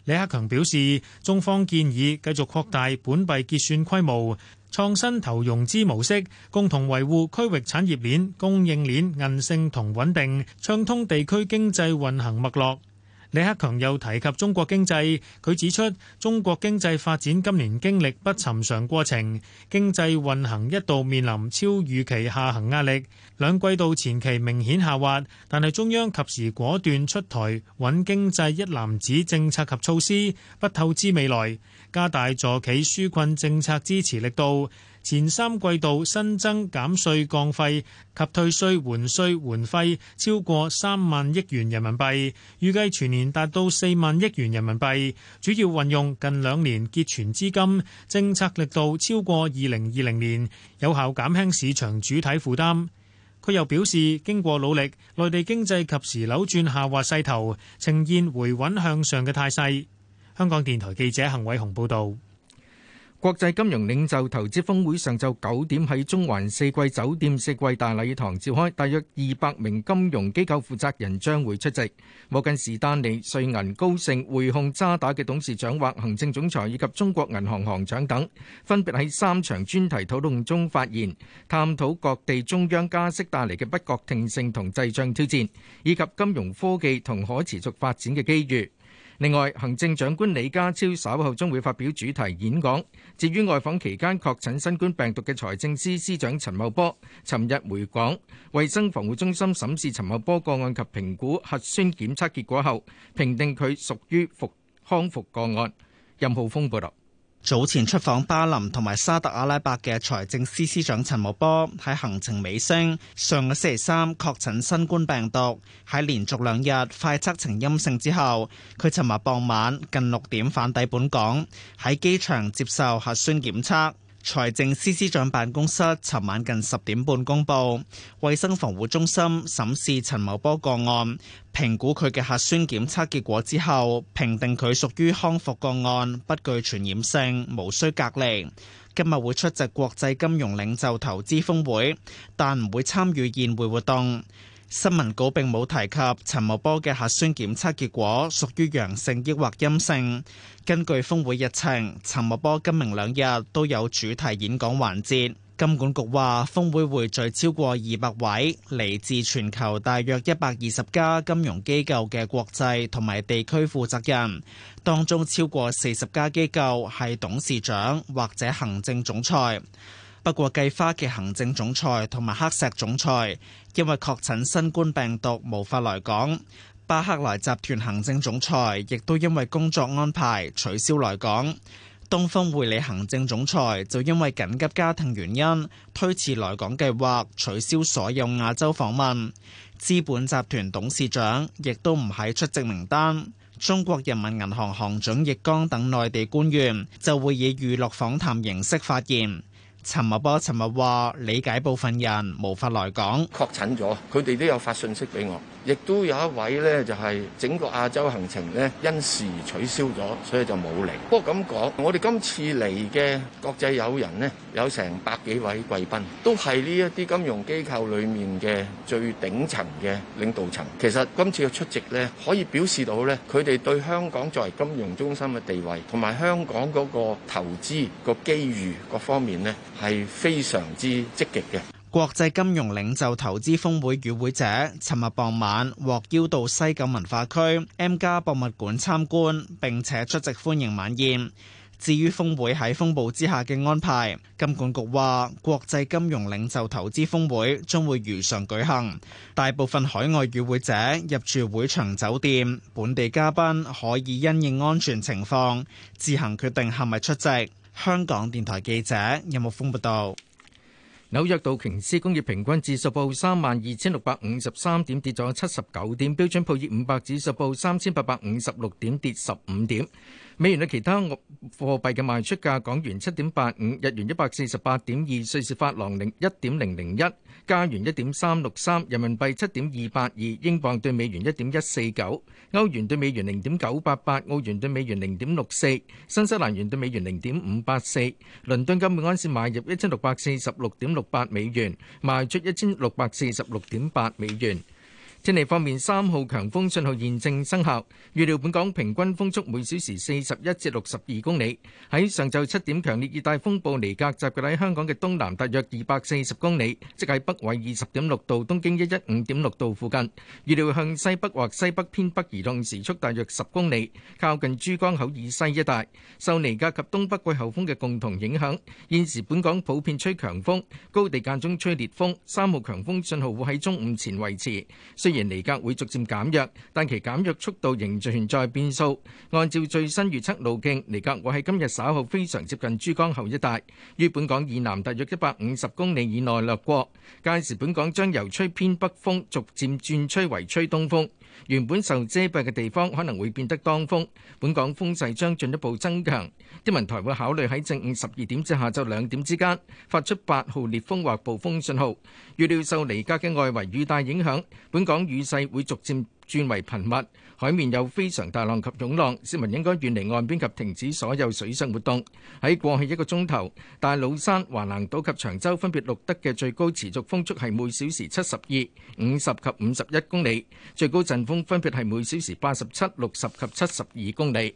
李克強表示，中方建議繼續擴大本幣結算規模，創新投融資模式，共同維護區域產業鏈、供應鏈韌性同穩定，暢通地區經濟運行脈絡。李克強又提及中國經濟，佢指出中國經濟發展今年經歷不尋常過程，經濟運行一度面臨超預期下行壓力，兩季度前期明顯下滑，但係中央及時果斷出台穩經濟一攬子政策及措施，不透支未來，加大助企紓困政策支持力度。前三季度新增減稅降費及退稅緩稅緩費超過三萬億元人民幣，預計全年達到四萬億元人民幣，主要運用近兩年結存資金，政策力度超過二零二零年，有效減輕市場主體負擔。佢又表示，經過努力，內地經濟及時扭轉下滑勢頭呈現回穩向上嘅態勢。香港電台記者陳偉雄報道。國際金融領袖投資峰會上晝九點喺中環四季酒店四季大禮堂召開，大約二百名金融機構負責人將會出席。摩根士丹利、瑞銀、高盛、匯控、渣打嘅董事長或行政總裁，以及中國銀行行長等，分別喺三場專題討論中發言，探討各地中央加息帶嚟嘅不確定性同滯脹挑戰，以及金融科技同可持續發展嘅機遇。另外，行政長官李家超稍後將會發表主題演講。至於外訪期間確診新冠病毒嘅財政司司長陳茂波，尋日回港，衛生防護中心審視陳茂波個案及評估核酸檢測結果後，評定佢屬於復康復個案。任浩峯報道。早前出訪巴林同埋沙特阿拉伯嘅財政司司長陳茂波喺行程尾聲，上個星期三確診新冠病毒，喺連續兩日快測呈陰性之後，佢尋日傍晚近六點返抵本港，喺機場接受核酸檢測。財政司司長辦公室尋晚近十點半公布，衛生防護中心審視陳茂波個案，評估佢嘅核酸檢測結果之後，評定佢屬於康復個案，不具傳染性，無需隔離。今日會出席國際金融領袖投資峰會，但唔會參與宴會活動。新聞稿並冇提及陳茂波嘅核酸檢測結果屬於陽性抑或陰性。根據峰會日程，陳茂波今明兩日都有主題演講環節。金管局話，峰會匯聚超過二百位嚟自全球大約一百二十家金融機構嘅國際同埋地區負責人，當中超過四十家機構係董事長或者行政總裁。不過，計花嘅行政總裁同埋黑石總裁，因為確診新冠病毒，無法來港。巴克萊集團行政總裁亦都因為工作安排取消來港。東方匯理行政總裁就因為緊急家庭原因推遲來港計劃，取消所有亞洲訪問。資本集團董事長亦都唔喺出席名單。中國人民銀行行長易綱等內地官員就會以預錄訪談形式發言。陳茂波尋日話：理解部分人無法來港，確診咗，佢哋都有發信息俾我。亦都有一位呢，就係整個亞洲行程呢，因事取消咗，所以就冇嚟。不過咁講，我哋今次嚟嘅國際友人呢，有成百幾位貴賓，都係呢一啲金融機構裡面嘅最頂層嘅領導層。其實今次嘅出席呢，可以表示到呢，佢哋對香港作為金融中心嘅地位，同埋香港嗰個投資個機遇各方面呢，係非常之積極嘅。國際金融領袖投資峰會與會者，尋日傍晚獲邀到西九文化區 M 家博物館參觀，並且出席歡迎晚宴。至於峰會喺風暴之下嘅安排，金管局話，國際金融領袖投資峰會將會如常舉行。大部分海外與會者入住會場酒店，本地嘉賓可以因應安全情況自行決定係咪出席。香港電台記者任木峰報道。紐約道瓊斯工業平均指數報三萬二千六百五十三點，跌咗七十九點；標準普爾五百指數報三千八百五十六點，跌十五點。美元嘅其他貨幣嘅賣出價：港元七點八五，日元一百四十八點二，瑞士法郎零一點零零一，加元一點三六三，人民幣七點二八二，英鎊對美元一點一四九，歐元對美元零點九八八，澳元對美元零點六四，新西蘭元對美元零點五八四。倫敦金每盎司買入一千六百四十六點六八美元，賣出一千六百四十六點八美元。天氣方面，三號強風信號現正生效，預料本港平均風速每小時四十一至六十二公里。喺上晝七點，強烈熱帶風暴尼格集結喺香港嘅東南，大約二百四十公里，即係北緯二十點六度、東經一一五點六度附近。預料向西北或西北偏北移動，時速大約十公里。靠近珠江口以西一帶，受尼格及東北季候風嘅共同影響，現時本港普遍吹強風，高地間中吹烈風。三號強風信號會喺中午前維持。雖而尼格會逐漸減弱，但其減弱速度仍存在變數。按照最新預測路徑，尼格會喺今日稍後非常接近珠江口一帶，於本港以南大約一百五十公里以內掠過。屆時本港將由吹偏北風逐漸轉吹為吹東風。原本受遮蔽嘅地方可能會變得當風，本港風勢將進一步增強，天文台會考慮喺正午十二點至下晝兩點之間發出八號烈風或暴風信號，預料受離家嘅外圍雨帶影響，本港雨勢會逐漸。轉為頻密，海面有非常大浪及湧浪，市民應該遠離岸邊及停止所有水上活動。喺過去一個鐘頭，大老山、橫瀾島及長洲分別錄得嘅最高持續風速係每小時七十二、五十及五十一公里，最高陣風分別係每小時八十七、六十及七十二公里。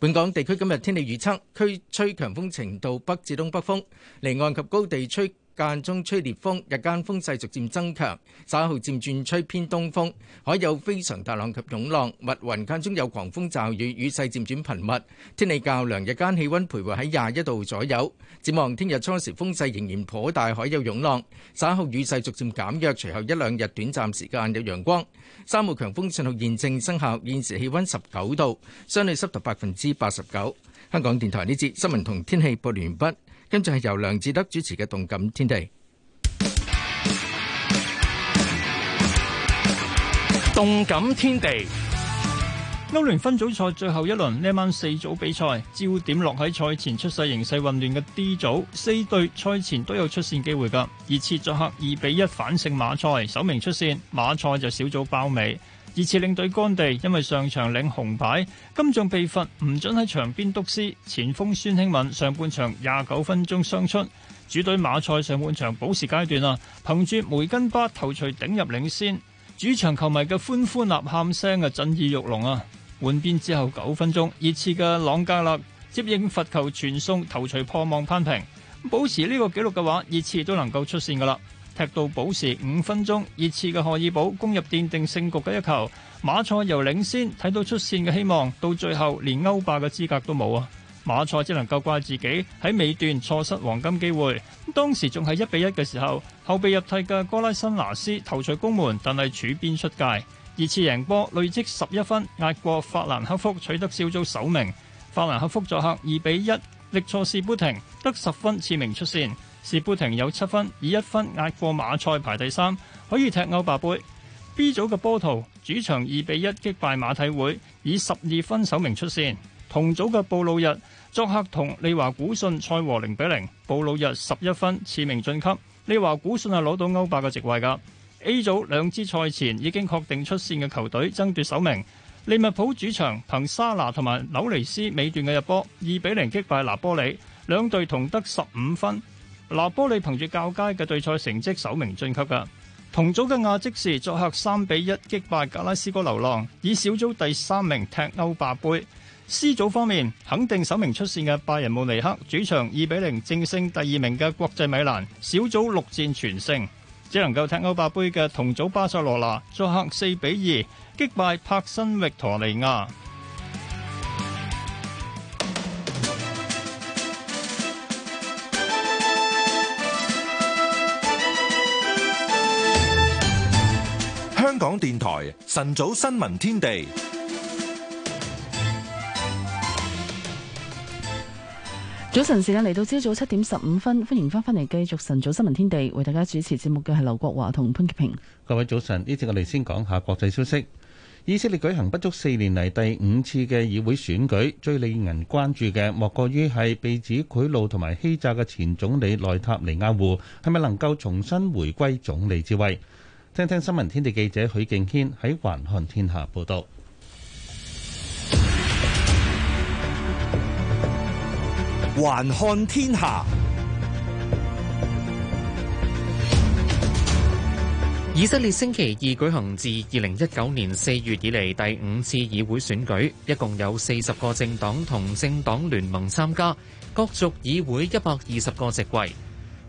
本港地區今日天氣預測，區吹強風程度北至東北風，離岸及高地吹，間中吹烈風，日間風勢逐漸增強，稍後漸轉吹偏東風，海有非常大浪及湧浪，密雲間中有狂風驟雨，雨勢漸轉頻密，天氣較涼，日間氣温徘徊喺廿一度左右。展望聽日初時風勢仍然頗大，海有湧浪，稍後雨勢逐漸減弱，隨後一兩日短暫時間有陽光。三號強風信號現正生效，現時氣温十九度，相對濕度百分之八十九。香港電台呢節新聞同天氣報道完畢。跟住係由梁智德主持嘅《動感天地》。動感天地，歐聯分組賽最後一輪呢一晚四組比賽，焦點落喺賽前出世形勢混亂嘅 D 組，四隊賽前都有出線機會噶。熱刺作客二比一反勝馬賽，首名出線，馬賽就小組包尾。熱刺領隊干地因為上場領紅牌，今仗被罰唔准喺場邊督師。前鋒孫興敏上半場廿九分鐘傷出。主隊馬賽上半場補時階段啊，憑住梅根巴頭槌頂入領先。主場球迷嘅歡呼吶喊聲啊，震耳欲聾啊！換邊之後九分鐘，熱刺嘅朗格勒接應罰球傳送頭槌破網攀平，保持呢個紀錄嘅話，熱刺都能夠出線噶啦。踢到保時五分鐘，熱刺嘅荷爾堡攻入奠定勝局嘅一球，馬賽由領先睇到出線嘅希望，到最後連歐霸嘅資格都冇啊！馬賽只能夠怪自己喺尾段錯失黃金機會，當時仲係一比一嘅時候，後備入替嘅哥拉辛拿斯頭槌攻門，但係柱邊出界，熱刺贏波，累積十一分，壓過法蘭克福取得小組首名。法蘭克福作客二比一力挫士砵亭，得十分次名出線。士砵廷有七分，以一分壓過馬賽排第三，可以踢歐霸盃。B 組嘅波圖主場二比一擊敗馬體會，以十二分首名出線。同組嘅布魯日作客同利華古信賽和零比零，布魯日十一分次名晉級。利華古信係攞到歐霸嘅席位噶。A 組兩支賽前已經確定出線嘅球隊爭奪首名，利物浦主場憑沙拿同埋紐尼斯尾段嘅入波二比零擊敗拿波里，兩隊同得十五分。拿波里憑住較佳嘅對賽成績，首名晉級嘅同組嘅亞積士作客三比一擊敗格拉斯哥流浪，以小組第三名踢歐霸盃。C 組方面，肯定首名出線嘅拜仁慕尼黑主場二比零正勝第二名嘅國際米蘭，小組六戰全勝，只能夠踢歐霸盃嘅同組巴塞羅那作客四比二擊敗柏辛維多利亞。港電台晨早新聞天地，早晨時間嚟到朝早七點十五分，歡迎翻返嚟繼續晨早新聞天地，為大家主持節目嘅係劉國華同潘潔平。各位早晨，呢節我哋先講下國際消息。以色列舉行不足四年嚟第五次嘅議會選舉，最令人關注嘅莫過於係被指賄賂同埋欺詐嘅前總理內塔尼亞胡，係咪能夠重新回歸總理之位？聽聽新聞天地記者許敬軒喺《環看天下》報道，《環看天下》以色列星期二舉行自二零一九年四月以嚟第五次議會選舉，一共有四十個政黨同政黨聯盟參加角逐議會一百二十個席位。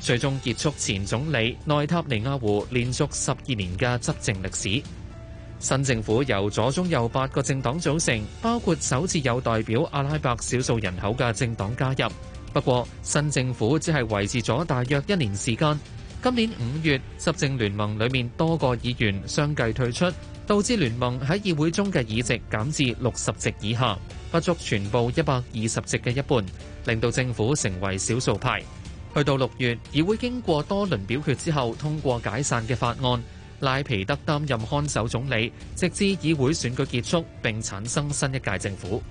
最終結束前總理內塔尼亞胡連續十二年嘅執政歷史。新政府由左中右八個政黨組成，包括首次有代表阿拉伯少數人口嘅政黨加入。不過，新政府只係維持咗大約一年時間。今年五月，執政聯盟裏面多個議員相繼退出，導致聯盟喺議會中嘅議席減至六十席以下，不足全部一百二十席嘅一半，令到政府成為少數派。去到六月，議會經過多輪表決之後通過解散嘅法案，拉皮德擔任看守總理，直至議會選舉結束並產生新一屆政府。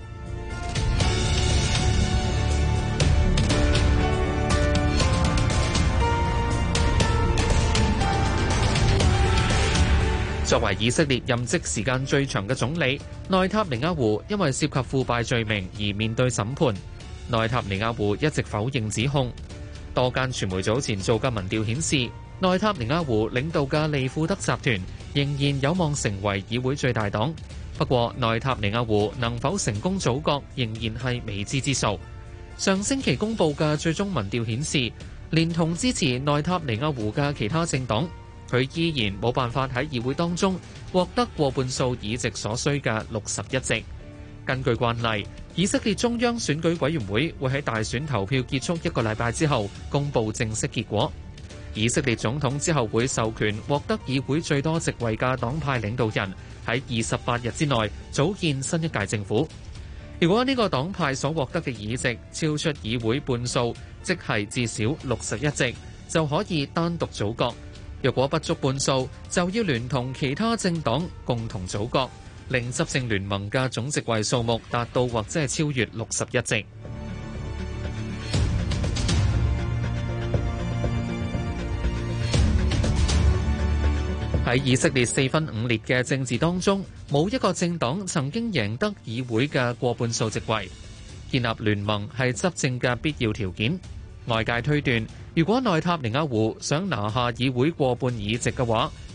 作為以色列任職時間最長嘅總理，內塔尼亞胡因為涉及腐敗罪名而面對審判。內塔尼亞胡一直否認指控。多間傳媒早前做嘅民調顯示，內塔尼亞胡領導嘅利庫德集團仍然有望成為議會最大黨。不過，內塔尼亞胡能否成功組閣，仍然係未知之數。上星期公佈嘅最終民調顯示，連同支持內塔尼亞胡嘅其他政黨，佢依然冇辦法喺議會當中獲得過半數議席所需嘅六十一席。根據慣例，以色列中央選舉委員會會喺大選投票結束一個禮拜之後公佈正式結果。以色列總統之後會授權獲得議會最多席位嘅黨派領導人喺二十八日之內組建新一屆政府。如果呢個黨派所獲得嘅議席超出議會半數，即係至少六十一席，就可以單獨組閣；若果不足半數，就要聯同其他政黨共同組閣。令執政聯盟嘅總席位數目達到或者係超越六十一席。喺以色列四分五裂嘅政治當中，冇一個政黨曾經贏得議會嘅過半數席位。建立聯盟係執政嘅必要條件。外界推斷，如果內塔尼亞胡想拿下議會過半議席嘅話，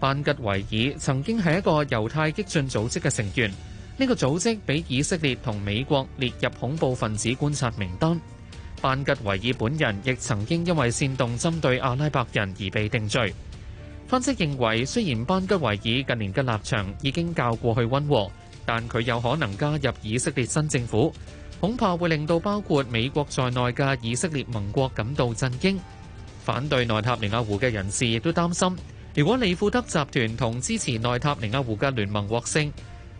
班吉維爾曾經係一個猶太激進組織嘅成員，呢個組織被以色列同美國列入恐怖分子觀察名單。班吉維爾本人亦曾經因為煽動針對阿拉伯人而被定罪。分析認為，雖然班吉維爾近年嘅立場已經較過去温和，但佢有可能加入以色列新政府，恐怕會令到包括美國在內嘅以色列盟國感到震驚。反對內塔尼亞胡嘅人士亦都擔心。如果利庫德集團同支持內塔尼亞胡嘅聯盟獲勝，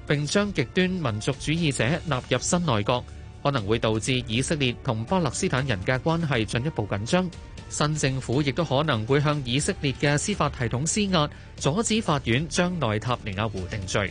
並將極端民族主義者納入新內閣，可能會導致以色列同巴勒斯坦人嘅關係進一步緊張。新政府亦都可能會向以色列嘅司法系統施壓，阻止法院將內塔尼亞胡定罪。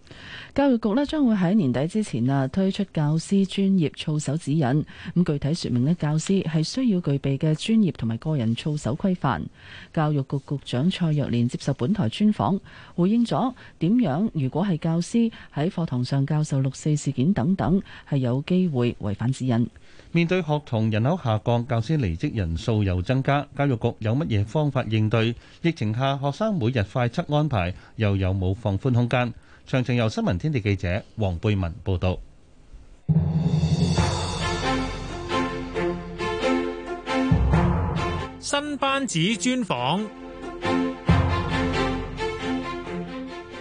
教育局呢將會喺年底之前啊推出教師專業操守指引，咁具體說明呢，教師係需要具備嘅專業同埋個人操守規範。教育局局長蔡若蓮接受本台專訪，回應咗點樣。如果係教師喺課堂上教授六四事件等等，係有機會違反指引。面對學童人口下降、教師離職人數又增加，教育局有乜嘢方法應對？疫情下學生每日快測安排又有冇放寬空間？詳情由新聞天地記者黃貝文報道。新班子專訪，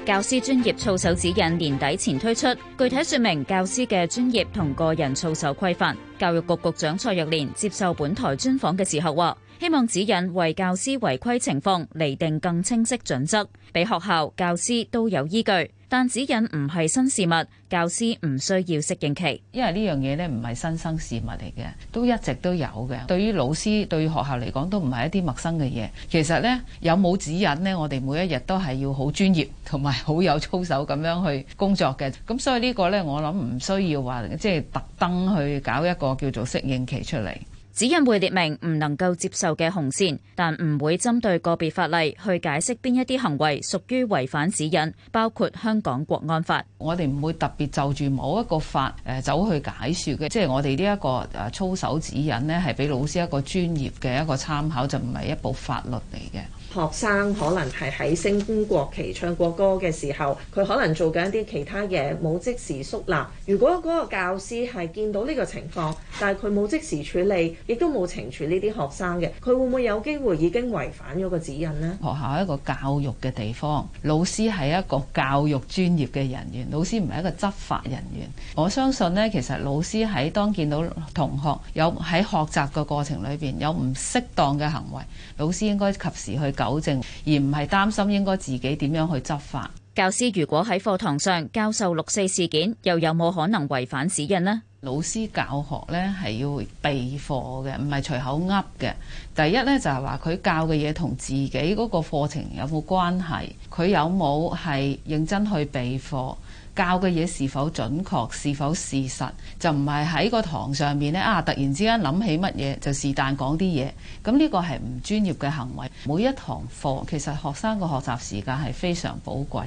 教師專業操守指引年底前推出，具體說明教師嘅專業同個人操守規範。教育局局長蔡若蓮接受本台專訪嘅時候話。希望指引為教師違規情況釐定更清晰準則，俾學校、教師都有依據。但指引唔係新事物，教師唔需要適應期。因為呢樣嘢呢唔係新生事物嚟嘅，都一直都有嘅。對於老師、對於學校嚟講，都唔係一啲陌生嘅嘢。其實呢，有冇指引呢？我哋每一日都係要好專業同埋好有操守咁樣去工作嘅。咁所以呢個呢，我諗唔需要話即係特登去搞一個叫做適應期出嚟。指引會列明唔能夠接受嘅紅線，但唔會針對個別法例去解釋邊一啲行為屬於違反指引，包括香港國安法。我哋唔會特別就住某一個法誒走去解說嘅，即係我哋呢一個誒操守指引呢，係俾老師一個專業嘅一個參考，就唔係一部法律嚟嘅。學生可能係喺升國旗唱國歌嘅時候，佢可能做緊一啲其他嘢，冇即時肅立。如果嗰個教師係見到呢個情況，但係佢冇即時處理，亦都冇懲處呢啲學生嘅，佢會唔會有機會已經違反咗個指引呢？學校係一個教育嘅地方，老師係一個教育專業嘅人員，老師唔係一個執法人員。我相信呢，其實老師喺當見到同學有喺學習嘅過程裏邊有唔適當嘅行為。老師應該及時去糾正，而唔係擔心應該自己點樣去執法。教師如果喺課堂上教授六四事件，又有冇可能違反指引呢？老師教學咧係要備課嘅，唔係隨口噏嘅。第一咧就係話佢教嘅嘢同自己嗰個課程有冇關係，佢有冇係認真去備課。教嘅嘢是否準確，是否事實，就唔係喺個堂上面咧啊！突然之間諗起乜嘢，就是但講啲嘢，咁呢個係唔專業嘅行為。每一堂課其實學生嘅學習時間係非常寶貴嘅，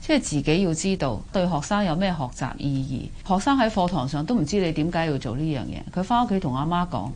即係自己要知道對學生有咩學習意義。學生喺課堂上都唔知你點解要做呢樣嘢，佢返屋企同阿媽講。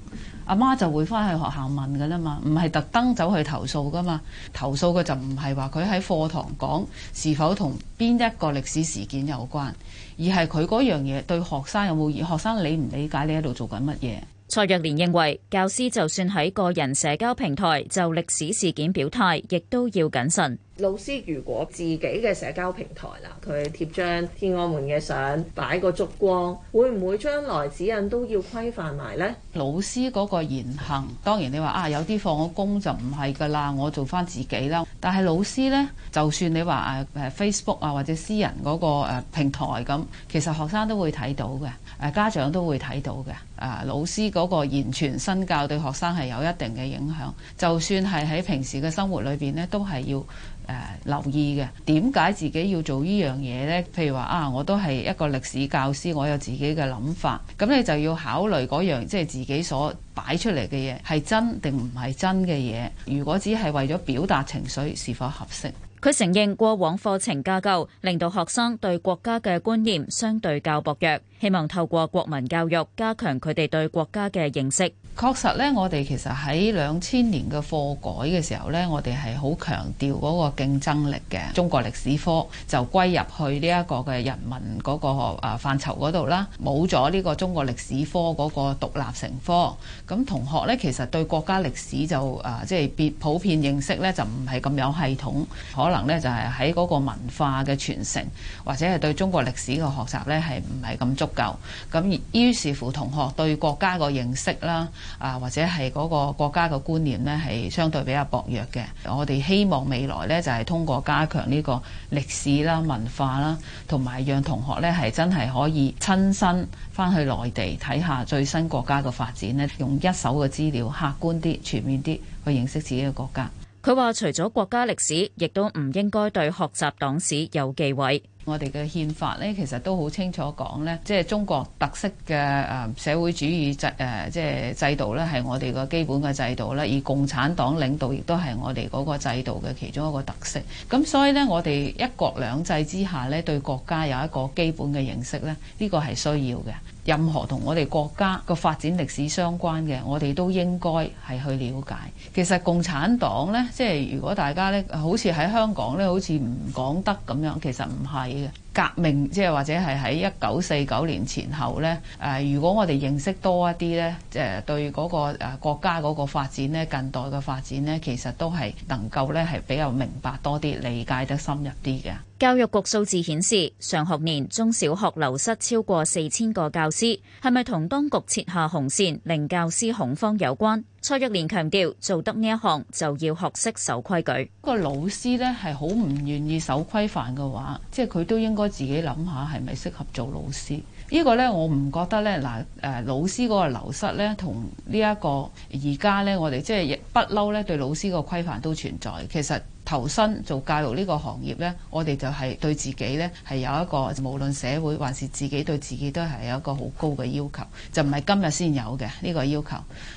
阿媽就會翻去學校問㗎喇嘛，唔係特登走去投訴㗎嘛，投訴嘅就唔係話佢喺課堂講是否同邊一個歷史事件有關，而係佢嗰樣嘢對學生有冇意義，學生理唔理解你喺度做緊乜嘢？蔡若蓮認為，教師就算喺個人社交平台就歷史事件表態，亦都要謹慎。老師如果自己嘅社交平台啦，佢貼張天安門嘅相，擺個燭光，會唔會將來指引都要規範埋呢？老師嗰個言行，當然你話啊，有啲放咗工就唔係噶啦，我做翻自己啦。但係老師呢，就算你話誒誒 Facebook 啊，或者私人嗰個誒平台咁，其實學生都會睇到嘅。誒家長都會睇到嘅，誒、啊、老師嗰個言傳身教對學生係有一定嘅影響。就算係喺平時嘅生活裏邊咧，都係要誒、呃、留意嘅。點解自己要做呢樣嘢呢？譬如話啊，我都係一個歷史教師，我有自己嘅諗法。咁你就要考慮嗰樣，即、就、係、是、自己所擺出嚟嘅嘢係真定唔係真嘅嘢。如果只係為咗表達情緒，是否合適？佢承認過往課程架構，令到學生對國家嘅觀念相對較薄弱。希望透過國民教育加強佢哋對國家嘅認識。確實呢，我哋其實喺兩千年嘅課改嘅時候呢，我哋係好強調嗰個競爭力嘅中國歷史科就歸入去呢一個嘅人民嗰個誒範疇嗰度啦，冇咗呢個中國歷史科嗰個獨立成科。咁同學呢，其實對國家歷史就誒即係別普遍認識呢，就唔係咁有系統，可能。咧就係喺嗰個文化嘅傳承，或者係對中國歷史嘅學習咧係唔係咁足夠，咁於是乎同學對國家個認識啦，啊或者係嗰個國家嘅觀念咧係相對比較薄弱嘅。我哋希望未來咧就係通過加強呢個歷史啦、文化啦，同埋讓同學咧係真係可以親身翻去內地睇下最新國家嘅發展咧，用一手嘅資料客觀啲、全面啲去認識自己嘅國家。佢話：除咗國家歷史，亦都唔應該對學習黨史有忌諱。我哋嘅憲法咧，其實都好清楚講咧，即係中國特色嘅誒社會主義制誒，即係制度咧，係我哋個基本嘅制度咧。而共產黨領導亦都係我哋嗰個制度嘅其中一個特色。咁所以呢，我哋一國兩制之下呢，對國家有一個基本嘅認識咧，呢個係需要嘅。任何同我哋國家個發展歷史相關嘅，我哋都應該係去了解。其實共產黨呢，即係如果大家呢，好似喺香港呢，好似唔講得咁樣，其實唔係嘅。革命即係或者係喺一九四九年前後咧，誒，如果我哋認識多一啲咧，誒，對嗰個誒國家嗰個發展咧，近代嘅發展咧，其實都係能夠咧係比較明白多啲，理解得深入啲嘅。教育局數字顯示，上學年中小學流失超過四千個教師，係咪同當局設下紅線令教師恐慌有關？蔡玉蓮強調，做得呢一項就要學識守規矩。個老師咧係好唔願意守規範嘅話，即係佢都應該自己諗下係咪適合做老師。呢個呢，我唔覺得呢。嗱、呃，誒老師嗰個流失呢，同呢一個而家呢，我哋即係不嬲呢，對老師個規範都存在。其實投身做教育呢個行業呢，我哋就係對自己呢，係有一個無論社會還是自己對自己都係有一個好高嘅要求，就唔係今日先有嘅呢、呢個要求，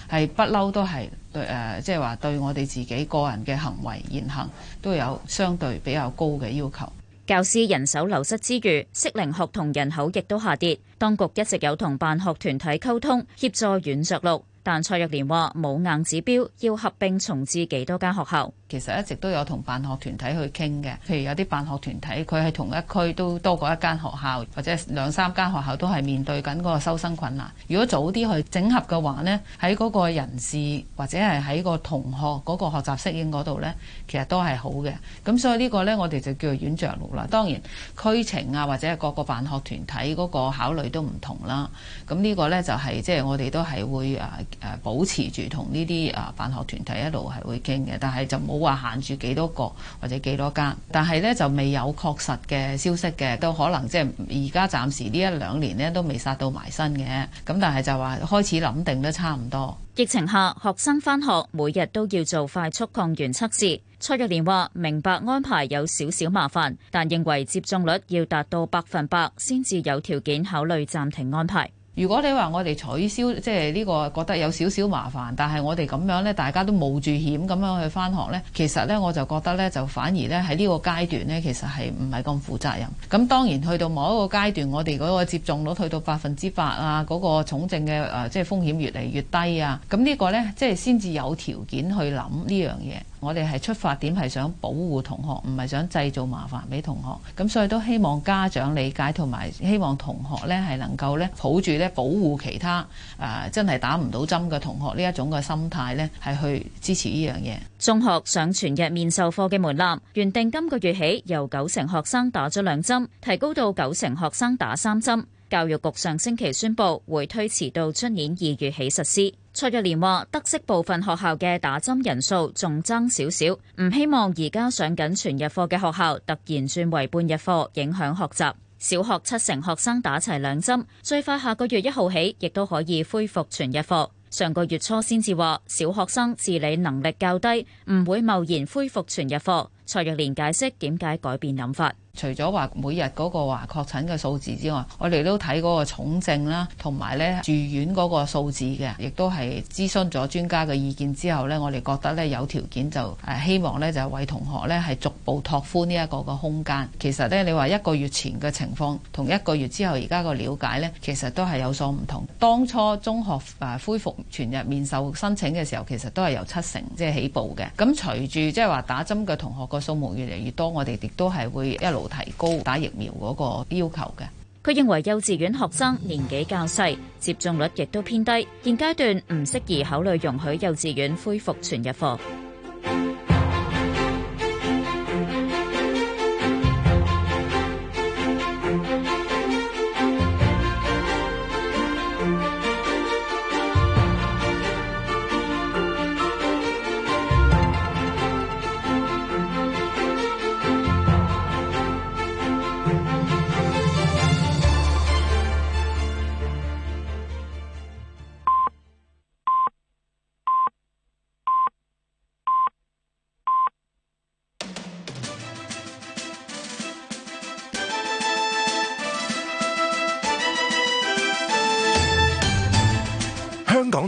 係不嬲都係對誒，即係話對我哋自己個人嘅行為言行都有相對比較高嘅要求。教師人手流失之餘，適齡學童人口亦都下跌。當局一直有同辦學團體溝通，協助軟着陸。但蔡若蓮話冇硬指標，要合併重置幾多間學校？其實一直都有同辦學團體去傾嘅，譬如有啲辦學團體佢係同一區都多過一間學校，或者兩三間學校都係面對緊嗰個收生困難。如果早啲去整合嘅話呢，喺嗰個人事，或者係喺個同學嗰、那個學習適應嗰度呢，其實都係好嘅。咁所以呢個呢，我哋就叫軟着陸啦。當然區情啊，或者係各個辦學團體嗰個考慮都唔同啦。咁呢個呢、就是，就係即係我哋都係會啊。誒保持住同呢啲誒辦學團體一路係會傾嘅，但係就冇話限住幾多個或者幾多間，但係咧就未有確實嘅消息嘅，都可能即係而家暫時呢一兩年咧都未殺到埋身嘅，咁但係就話開始諗定都差唔多。疫情下學生返學每日都要做快速抗原測試，蔡玉蓮話明白安排有少少麻煩，但認為接種率要達到百分百先至有條件考慮暫停安排。如果你話我哋取消，即係呢個覺得有少少麻煩，但係我哋咁樣咧，大家都冒住險咁樣去翻學咧，其實咧我就覺得咧就反而咧喺呢個階段咧，其實係唔係咁負責任。咁當然去到某一個階段，我哋嗰個接種率去到百分之百啊，嗰個重症嘅啊即係風險越嚟越低啊，咁呢個咧即係先至有條件去諗呢樣嘢。我哋係出發點係想保護同學，唔係想製造麻煩俾同學。咁所以都希望家長理解，同埋希望同學咧係能夠咧抱住咧保護其他誒、呃、真係打唔到針嘅同學呢一種嘅心態咧，係去支持呢樣嘢。中學上全日面授課嘅門檻，原定今個月起由九成學生打咗兩針，提高到九成學生打三針。教育局上星期宣布會推遲到出年二月起實施。蔡若蓮話，得悉部分學校嘅打針人數仲爭少少，唔希望而家上緊全日課嘅學校突然轉為半日課，影響學習。小學七成學生打齊兩針，最快下個月一號起，亦都可以恢復全日課。上個月初先至話，小學生自理能力較低，唔會貿然恢復全日課。蔡若蓮解釋點解改變諗法。除咗話每日嗰個話確診嘅數字之外，我哋都睇嗰個重症啦，同埋咧住院嗰個數字嘅，亦都係諮詢咗專家嘅意見之後咧，我哋覺得咧有條件就誒希望咧就為同學咧係逐步拓寬呢一個個空間。其實咧，你話一個月前嘅情況同一個月之後而家個了解咧，其實都係有所唔同。當初中學誒恢復全日面授申請嘅時候，其實都係由七成即係起步嘅。咁隨住即係話打針嘅同學個數目越嚟越多，我哋亦都係會一路提高打疫苗嗰個要求嘅。佢認為幼稚園學生年紀較細，接種率亦都偏低，現階段唔適宜考慮容許幼稚園恢復全日課。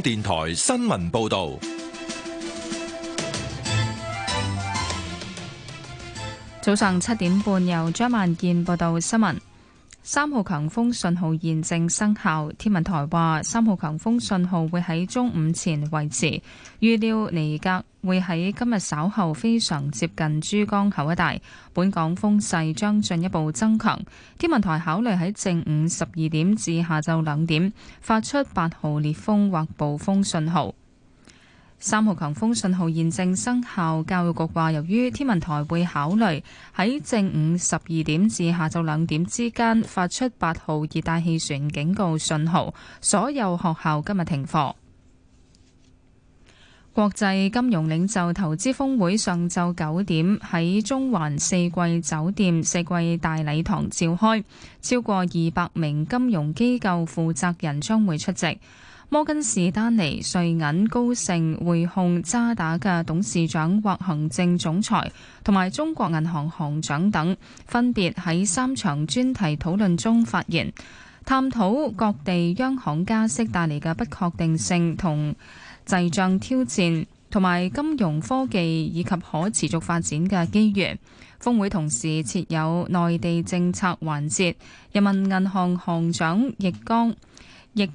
電台新聞報道，早上七點半由張萬健報道新聞。三號強風信號現正生效，天文台話三號強風信號會喺中午前維持，預料尼格。會喺今日稍後非常接近珠江口一帶，本港風勢將進一步增強。天文台考慮喺正午十二點至下晝兩點發出八號烈風或暴風信號。三號強風信號現正生效。教育局話，由於天文台會考慮喺正午十二點至下晝兩點之間發出八號熱帶氣旋警告信號，所有學校今日停課。國際金融領袖投資峰會上晝九點喺中環四季酒店四季大禮堂召開，超過二百名金融機構負責人將會出席。摩根士丹利、瑞銀、高盛、匯控、渣打嘅董事長或行政總裁，同埋中國銀行行長等，分別喺三場專題討論中發言，探討各地央行加息帶嚟嘅不確定性同滯脹挑戰同埋金融科技以及可持續發展嘅機遇。峰會同時設有內地政策環節。人民銀行行長易綱、易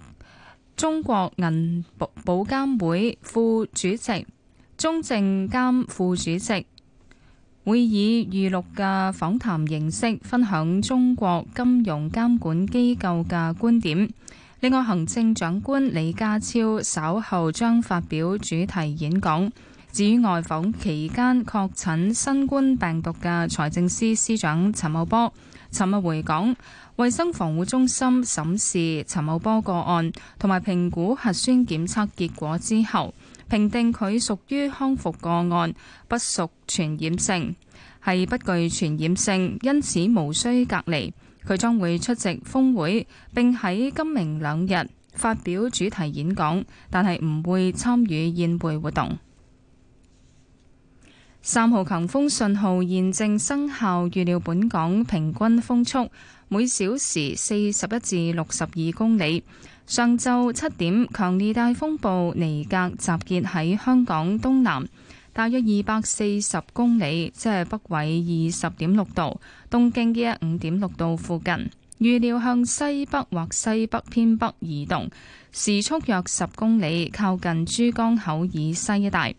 中國銀保監會副主席、中證監副主席，會以預錄嘅訪談形式分享中國金融監管機構嘅觀點。另外，行政長官李家超稍後將發表主題演講。至於外訪期間確診新冠病毒嘅財政司司長陳茂波，尋日回港，衛生防護中心審視陳茂波個案同埋評估核酸檢測結果之後，評定佢屬於康復個案，不屬傳染性，係不具傳染性，因此無需隔離。佢將會出席峰會，並喺今明兩日發表主題演講，但係唔會參與宴會活動。三號強風信號現正生效，預料本港平均風速每小時四十一至六十二公里。上晝七點，強烈大風暴尼格集結喺香港東南。大約二百四十公里，即係北緯二十點六度、東經嘅五點六度附近。預料向西北或西北偏北移動，時速約十公里，靠近珠江口以西一帶。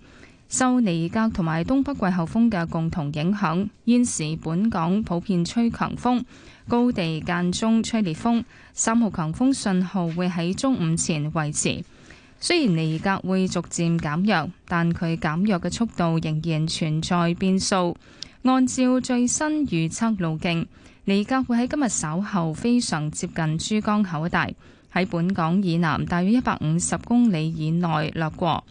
受尼格同埋東北季候風嘅共同影響，現時本港普遍吹強風，高地間中吹烈風。三號強風信號會喺中午前維持。雖然尼格會逐漸減弱，但佢減弱嘅速度仍然存在變數。按照最新預測路徑，尼格會喺今日稍後非常接近珠江口一帶，喺本港以南大約一百五十公里以內掠過。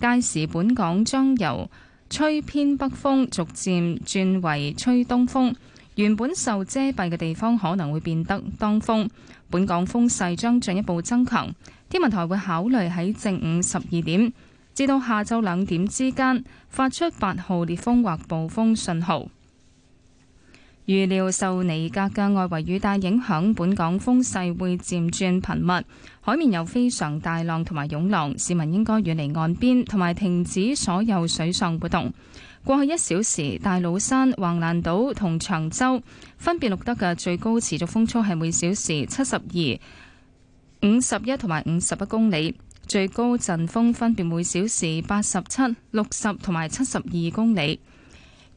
屆時本港將由吹偏北風逐漸轉為吹東風，原本受遮蔽嘅地方可能會變得當風，本港風勢將進一步增強。天文台會考慮喺正午十二點至到下晝兩點之間發出八號烈風或暴風信號。預料受尼格嘅外圍雨帶影響，本港風勢會漸轉頻密，海面有非常大浪同埋湧浪，市民應該遠離岸邊同埋停止所有水上活動。過去一小時，大老山、橫瀾島同長洲分別錄得嘅最高持續風速係每小時七十二。五十一同埋五十一公里，最高陣風分別每小時八十七、六十同埋七十二公里。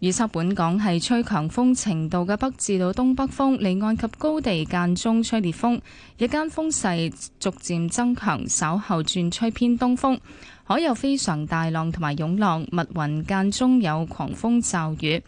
預測本港係吹強風程度嘅北至到東北風，離岸及高地間中吹烈風。日間風勢逐漸增強，稍後轉吹偏東風，海有非常大浪同埋湧浪，密雲間中有狂風驟雨，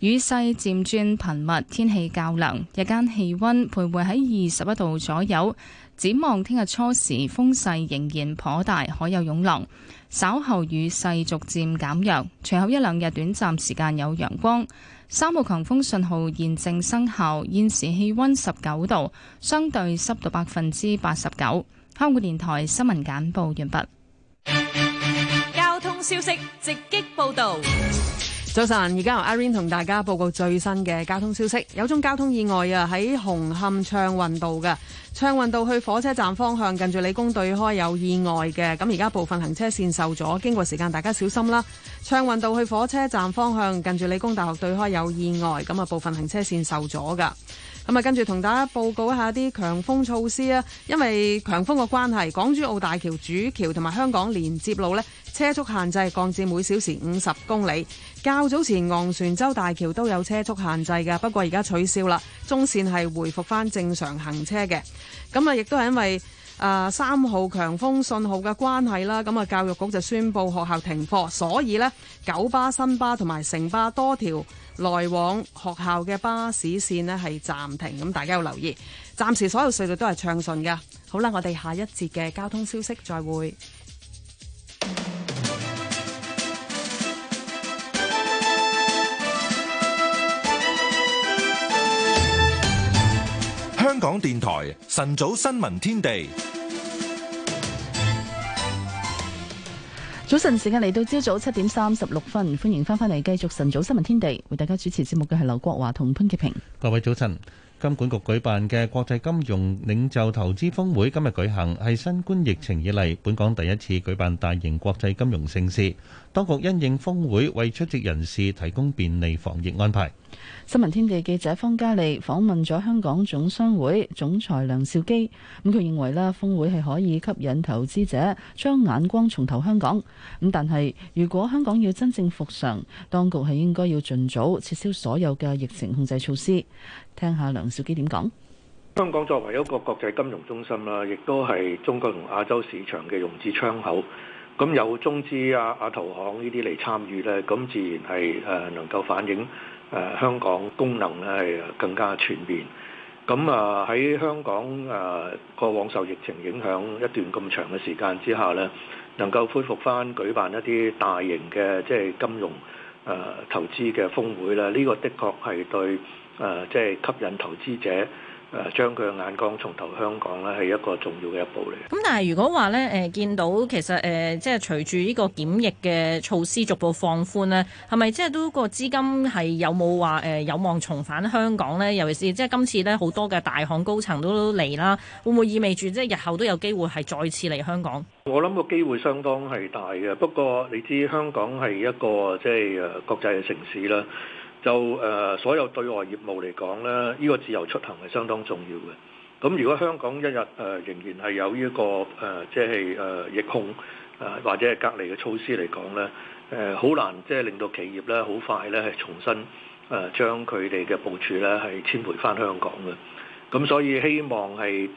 雨勢漸轉頻密，天氣較涼。日間氣温徘徊喺二十一度左右。展望聽日初時風勢仍然頗大，可有湧浪。稍後雨勢逐漸減弱，隨後一兩日短暫時間有陽光。三號強風信號現正生效。現時氣温十九度，相對濕度百分之八十九。香港電台新聞簡報完畢。交通消息直擊報導。早晨，而家由 Irene 同大家報告最新嘅交通消息。有宗交通意外啊，喺紅磡暢運道㗎。暢運道去火車站方向，近住理工對開有意外嘅。咁而家部分行車綫受阻，經過時間大家小心啦。暢運道去火車站方向，近住理工大學對開有意外，咁啊部分行車綫受阻噶。咁啊，跟住同大家報告一下啲強風措施啊，因為強風嘅關係，港珠澳大橋主橋同埋香港連接路呢，車速限制降至每小時五十公里。較早前昂船洲大橋都有車速限制嘅，不過而家取消啦，中線係恢復翻正常行車嘅。咁啊，亦都係因為呃三號強風信號嘅關係啦，咁啊教育局就宣布學校停課，所以呢，九巴、新巴同埋城巴多條來往學校嘅巴士綫呢係暫停，咁大家要留意。暫時所有隧道都係暢順㗎。好啦，我哋下一節嘅交通消息再會。香港電台晨早新聞天地。早晨時間嚟到，朝早七點三十六分，歡迎翻返嚟繼續晨早新聞天地，為大家主持節目嘅係劉國華同潘潔平。各位早晨。金管局舉辦嘅國際金融領袖投資峯會今日舉行，係新冠疫情以嚟本港第一次舉辦大型國際金融盛事。當局因應峯會，為出席人士提供便利防疫安排。新聞天地記者方嘉利訪問咗香港總商會總裁梁兆基，咁佢認為咧，峯會係可以吸引投資者將眼光重投香港。咁但係，如果香港要真正復常，當局係應該要盡早撤銷所有嘅疫情控制措施。聽下梁兆基點講。香港作為一個國際金融中心啦，亦都係中國同亞洲市場嘅融資窗口。咁有中資啊亞投行呢啲嚟參與咧，咁自然係誒能夠反映誒香港功能咧係更加全面。咁啊喺香港誒過往受疫情影響一段咁長嘅時間之下咧，能夠恢復翻舉辦一啲大型嘅即係金融誒投資嘅峯會咧，呢個的確係對。誒、呃，即係吸引投資者誒、呃，將佢嘅眼光重投香港咧，係一個重要嘅一步嚟嘅。咁、嗯、但係如果話咧，誒、呃、見到其實誒、呃，即係隨住呢個檢疫嘅措施逐步放寬咧，係咪即係都個資金係有冇話誒有望重返香港咧？尤其是即係今次咧，好多嘅大行高層都嚟啦，會唔會意味住即係日後都有機會係再次嚟香港？我諗個機會相當係大嘅，不過你知香港係一個即係誒國際嘅城市啦。就誒、呃、所有對外業務嚟講咧，呢、這個自由出行係相當重要嘅。咁如果香港一日誒、呃、仍然係有呢、這個誒即係誒疫控誒、呃、或者係隔離嘅措施嚟講咧，誒、呃、好難即係令到企業咧好快咧係重新誒將佢哋嘅部署咧係遷回翻香港嘅。咁所以希望係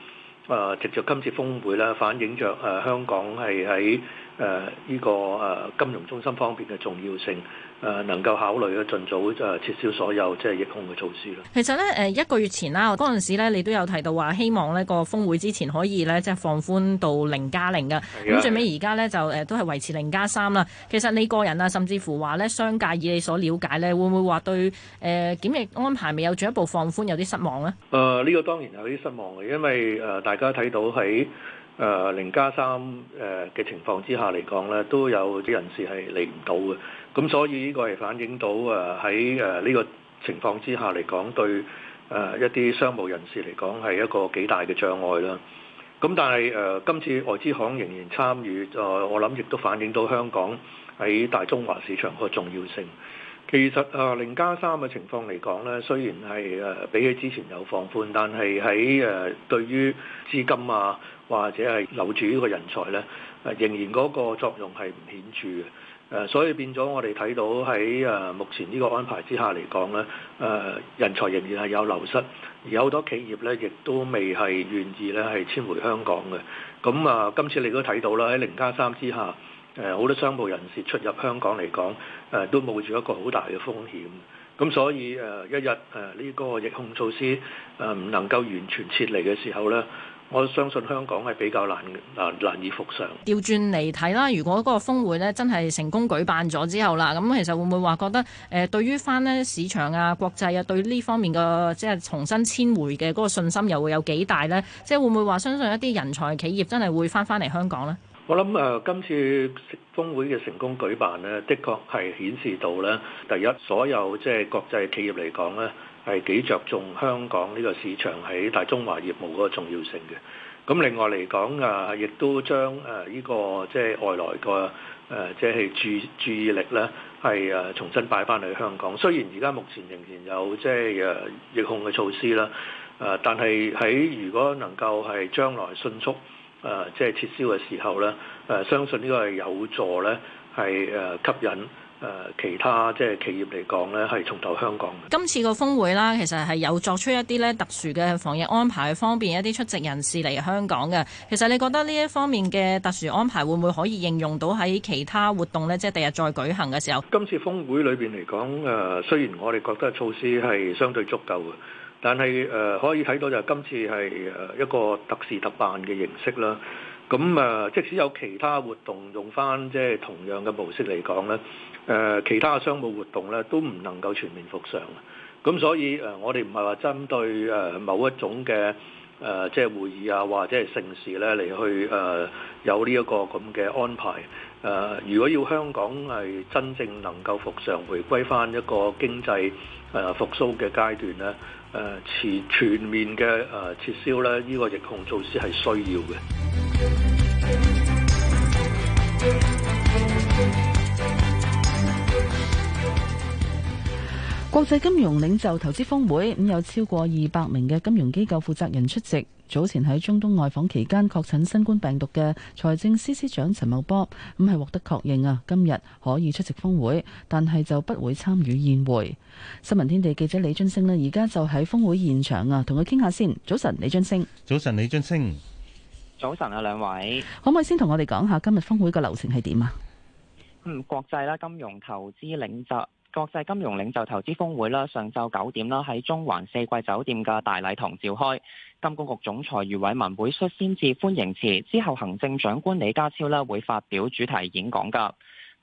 誒藉着今次峰會咧，反映着誒、呃、香港係喺誒呢個誒、呃、金融中心方面嘅重要性。誒能夠考慮咧，盡早誒撤銷所有即係疫控嘅措施啦。其實咧，誒一個月前啦，嗰陣時咧，你都有提到話希望呢個峰會之前可以咧即係放寬到零加零嘅。咁的最尾而家咧就誒都係維持零加三啦。3, 其實你個人啊，甚至乎話咧，商界以你所了解咧，會唔會話對誒檢疫安排未有進一步放寬有啲失望咧？誒呢、呃呢個當然有啲失望嘅，因為誒大家睇到喺誒零加三誒嘅情況之下嚟講咧，都有啲人士係嚟唔到嘅。咁所以呢個係反映到誒喺誒呢個情況之下嚟講，對誒一啲商務人士嚟講係一個幾大嘅障礙啦。咁但係誒、呃、今次外資行仍然參與，就、呃、我諗亦都反映到香港喺大中華市場個重要性。其實啊零、呃、加三嘅情況嚟講呢，雖然係誒、呃、比起之前有放寬，但係喺誒對於資金啊或者係留住呢個人才呢，呃、仍然嗰個作用係唔顯著嘅。誒，所以變咗我哋睇到喺誒目前呢個安排之下嚟講咧，誒人才仍然係有流失，而好多企業咧亦都未係願意咧係遷回香港嘅。咁啊，今次你都睇到啦，喺零加三之下，誒好多商務人士出入香港嚟講，誒都冒住一個好大嘅風險。咁所以誒，一日誒呢個疫控措施誒唔能夠完全撤離嘅時候咧。我相信香港係比較難嘅，啊難以復上。調轉嚟睇啦，如果嗰個峯會咧真係成功舉辦咗之後啦，咁其實會唔會話覺得誒對於翻咧市場啊、國際啊對呢方面嘅即係重新遷回嘅嗰個信心又會有幾大呢？即係會唔會話相信一啲人才企業真係會翻翻嚟香港呢？我諗誒、呃，今次峰會嘅成功舉辦呢，的確係顯示到呢，第一所有即係國際企業嚟講呢，係幾着重香港呢個市場喺大中華業務嗰個重要性嘅，咁另外嚟講啊，亦都將誒呢個即係外來個誒即係注注意力咧，係誒重新擺翻嚟香港。雖然而家目前仍然有即係誒疫控嘅措施啦，誒但係喺如果能夠係將來迅速誒即係撤銷嘅時候咧，誒相信呢個係有助咧係誒吸引。誒其他即係企業嚟講咧，係重頭香港。今次個峰會啦，其實係有作出一啲咧特殊嘅防疫安排方，方便一啲出席人士嚟香港嘅。其實你覺得呢一方面嘅特殊安排會唔會可以應用到喺其他活動咧？即係第日再舉行嘅時候。今次峰會裏邊嚟講，誒雖然我哋覺得措施係相對足夠嘅，但係誒、呃、可以睇到就係今次係誒一個特事特辦嘅形式啦。咁誒，即使有其他活動用翻即係同樣嘅模式嚟講呢誒、呃、其他商務活動呢都唔能夠全面復常。咁所以誒，我哋唔係話針對誒某一種嘅誒、呃、即係會議啊或者係盛事呢嚟去誒、呃、有呢一個咁嘅安排。誒、呃，如果要香港係真正能夠復常，回歸翻一個經濟。誒、啊、復甦嘅階段咧，誒、呃、全全面嘅誒、呃、撤銷咧，呢、這個疫控措施係需要嘅。 國際金融領袖投資峰會，咁有超過二百名嘅金融機構負責人出席。早前喺中東外訪期間確診新冠病毒嘅財政司司長陳茂波咁係獲得確認啊，今日可以出席峰會，但係就不會參與宴會。新聞天地記者李俊升呢，而家就喺峰會現場啊，同佢傾下先。早晨，李俊升。早晨，李俊升。早晨啊，兩位，可唔可以先同我哋講下今日峰會嘅流程係點啊？嗯，國際啦，金融投資領袖。國際金融領袖投資峰會啦，上晝九點啦，喺中環四季酒店嘅大禮堂召開。金管局總裁余偉文會率先致歡迎詞，之後行政長官李家超呢會發表主題演講噶。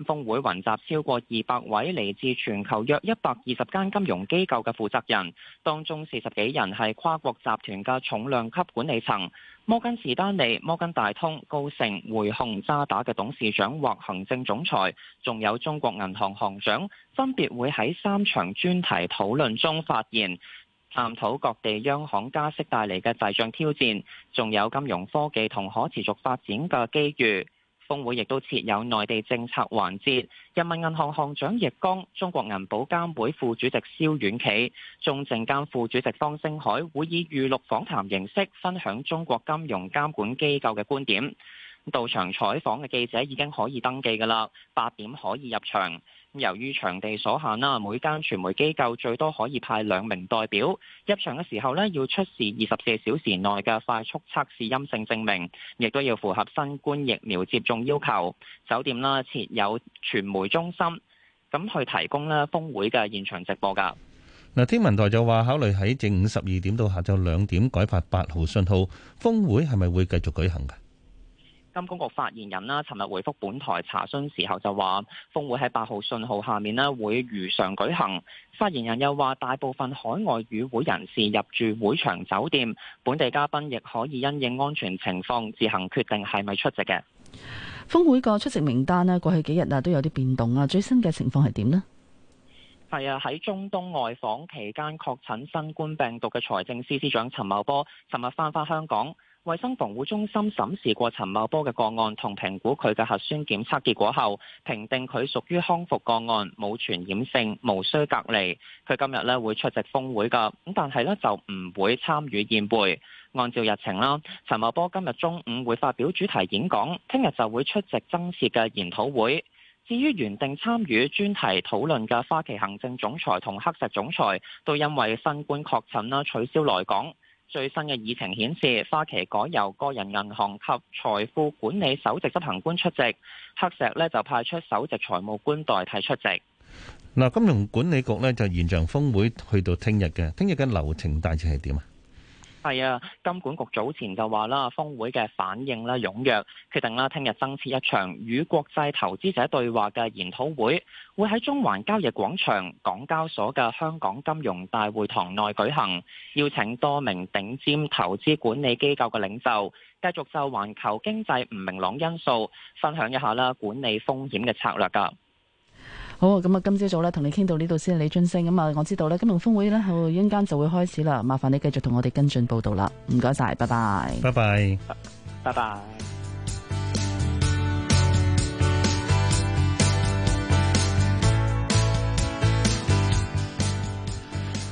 峰會雲集超過二百位嚟自全球約一百二十間金融機構嘅負責人，當中四十幾人係跨國集團嘅重量級管理層，摩根士丹利、摩根大通、高盛、匯控、渣打嘅董事長或行政總裁，仲有中國銀行行長，分別會喺三場專題討論中發言，探討各地央行加息帶嚟嘅滯脹挑戰，仲有金融科技同可持續發展嘅機遇。峰會亦都設有內地政策環節，人民銀行行長易綱、中國銀保監會副主席肖遠企、中證監副主席方星海會以預錄訪談形式分享中國金融監管機構嘅觀點。到場採訪嘅記者已經可以登記噶啦，八點可以入場。由於場地所限啦，每間傳媒機構最多可以派兩名代表。入場嘅時候咧，要出示二十四小時內嘅快速測試陰性證明，亦都要符合新冠疫苗接種要求。酒店啦設有傳媒中心，咁去提供咧峰會嘅現場直播噶。嗱，天文台就話考慮喺正午十二點到下晝兩點改發八號信號，峰會係咪會繼續舉行嘅？金管局發言人啦，尋日回復本台查詢時候就話，峰會喺八號信號下面呢，會如常舉行。發言人又話，大部分海外與會人士入住會場酒店，本地嘉賓亦可以因應安全情況自行決定係咪出席嘅。峰會個出席名單呢，過去幾日啊都有啲變動啊，最新嘅情況係點呢？係啊，喺中東外訪期間確診新冠病毒嘅財政司司長陳茂波尋日翻返香港。衛生防護中心審視過陳茂波嘅個案同評估佢嘅核酸檢測結果後，評定佢屬於康復個案，冇傳染性，無需隔離。佢今日咧會出席峰會㗎，咁但係咧就唔會參與宴會。按照日程啦，陳茂波今日中午會發表主題演講，聽日就會出席增設嘅研討會。至於原定參與專題討論嘅花旗行政總裁同黑石總裁，都因為新冠確診啦，取消來港。最新嘅議程顯示，花旗改由個人銀行及財富管理首席執行官出席，黑石咧就派出首席財務官代替出席。嗱，金融管理局咧就現場峰會去到聽日嘅，聽日嘅流程大致係點啊？係啊，金管局早前就話啦，峰會嘅反應啦踴躍，決定啦聽日增設一場與國際投資者對話嘅研討會，會喺中環交易廣場港交所嘅香港金融大會堂內舉行，邀請多名頂尖投資管理機構嘅領袖，繼續就環球經濟唔明朗因素分享一下啦，管理風險嘅策略噶。好，咁啊，今朝早咧，同你傾到呢度先，李俊升。咁啊，我知道咧，金融峰會咧，後一陣間就會開始啦。麻煩你繼續同我哋跟進報道啦，唔該晒，拜拜，拜拜，拜拜。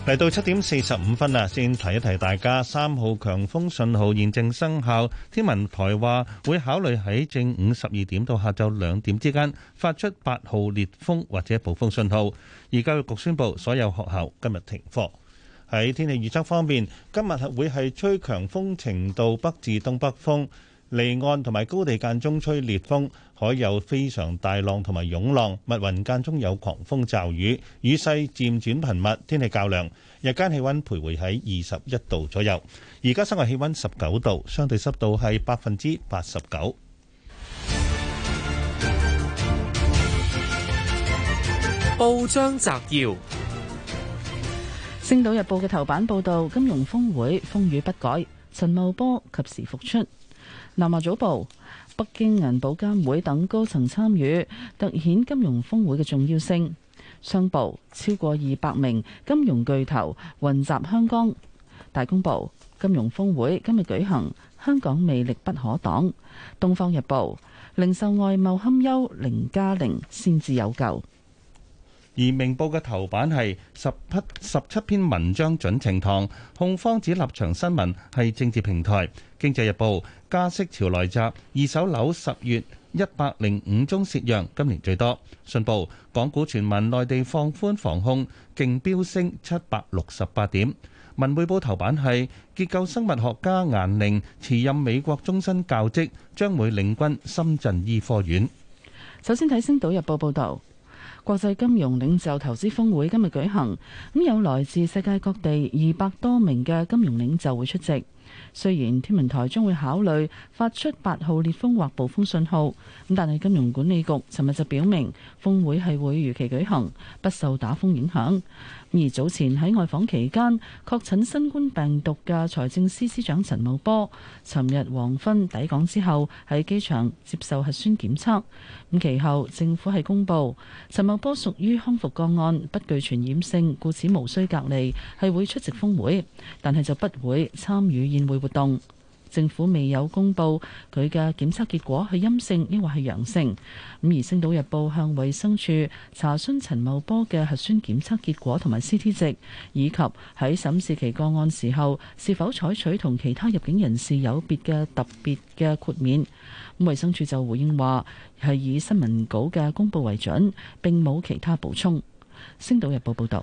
嚟到七點四十五分啊，先提一提大家，三號強風信號現正生效。天文台話會考慮喺正午十二點到下晝兩點之間發出八號烈風或者暴風信號。而教育局宣布所有學校今日停課。喺天氣預測方面，今日係會係吹強風程度北至東北風，離岸同埋高地間中吹烈風，海有非常大浪同埋湧浪，密雲間中有狂風驟雨，雨勢漸轉頻密，天氣較涼，日間氣溫徘徊喺二十一度左右。而家室外氣溫十九度，相對濕度係百分之八十九。報章摘要，《星島日報》嘅頭版報道：金融峰會風雨不改，陳茂波及時復出。南華早報、北京銀保監會等高層參與，凸顯金融峰會嘅重要性。商報：超過二百名金融巨頭雲集香港。大公報：金融峰會今日舉行，香港魅力不可擋。東方日報：零售外貿堪憂，零加零先至有救。而明報嘅頭版係十匹十七篇文章准呈堂，控方指立場新聞係政治平台。經濟日報加息潮來襲，二手樓十月一百零五宗蝕讓，今年最多。信報港股傳聞內地放寬防控，勁飆升七百六十八點。文匯報頭版係結構生物學家顏寧辭任美國終身教職，將會領軍深圳醫科院。首先睇《星島日報》報道。國際金融領袖投資峰會今日舉行，咁有來自世界各地二百多名嘅金融領袖會出席。雖然天文台將會考慮發出八號烈風或暴風信號，咁但係金融管理局尋日就表明，峰會係會如期舉行，不受打風影響。而早前喺外訪期間確診新冠病毒嘅財政司司長陳茂波，尋日黃昏抵港之後喺機場接受核酸檢測。咁其後政府係公佈陳茂波屬於康復個案，不具傳染性，故此無需隔離，係會出席峰會，但係就不會參與宴會活動。政府未有公佈佢嘅檢測結果係陰性抑或係陽性。咁而星島日報向衛生署查詢陳茂波嘅核酸檢測結果同埋 CT 值，以及喺審視其個案時候是否採取同其他入境人士有別嘅特別嘅豁免。衛生署就回應話係以新聞稿嘅公佈為準，並冇其他補充。星島日報報道。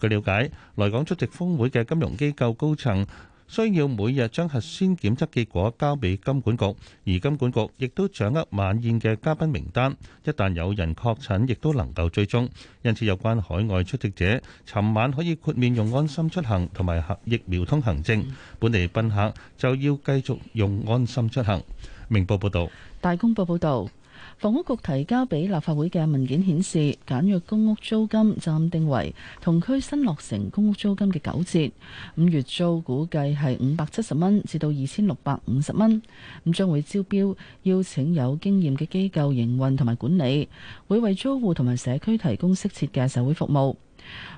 據瞭解，來港出席峯會嘅金融機構高層需要每日將核酸檢測結果交俾金管局，而金管局亦都掌握晚宴嘅嘉賓名單，一旦有人確診，亦都能夠追蹤。因此有關海外出席者，尋晚可以豁免用安心出行同埋疫苗通行證，本地賓客就要繼續用安心出行。明報報導，大公報報導。房屋局提交俾立法會嘅文件顯示，簡約公屋租金暫定為同區新落成公屋租金嘅九折，咁月租估計係五百七十蚊至到二千六百五十蚊。咁將會招標邀請有經驗嘅機構營運同埋管理，會為租戶同埋社區提供適切嘅社會服務。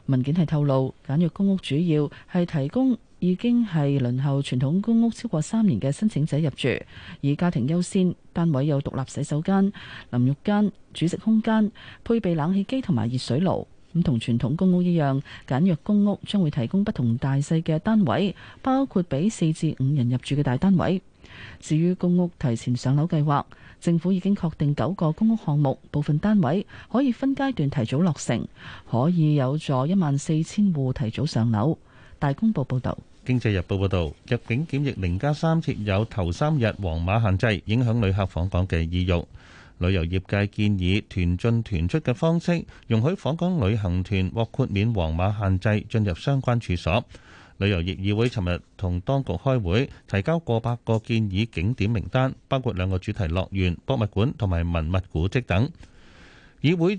文件係透露，簡約公屋主要係提供。已經係輪候傳統公屋超過三年嘅申請者入住，以家庭優先，單位有獨立洗手間、淋浴間、煮食空間，配備冷氣機同埋熱水爐。咁同傳統公屋一樣，簡約公屋將會提供不同大細嘅單位，包括俾四至五人入住嘅大單位。至於公屋提前上樓計劃，政府已經確定九個公屋項目，部分單位可以分階段提早落成，可以有助一萬四千戶提早上樓。大公報報導。經濟日報報導，入境檢疫零加三設有頭三日黃碼限制，影響旅客訪港嘅意欲。旅遊業界建議團進團出嘅方式，容許訪港旅行團獲豁免黃碼限制，進入相關處所。旅遊業議會尋日同當局開會，提交過百個建議景點名單，包括兩個主題樂園、博物館同埋文物古蹟等。議會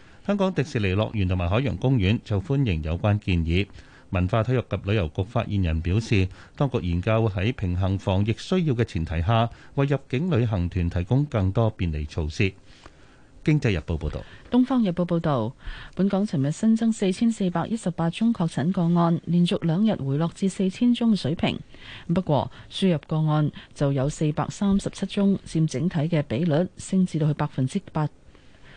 香港迪士尼樂園同埋海洋公園就歡迎有關建議。文化體育及旅遊局發言人表示，當局研究喺平衡防疫需要嘅前提下，為入境旅行團提供更多便利措施。經濟日報報道，東方日報報道，本港尋日新增四千四百一十八宗確診個案，連續兩日回落至四千宗嘅水平。不過，輸入個案就有四百三十七宗，佔整體嘅比率升至到去百分之八。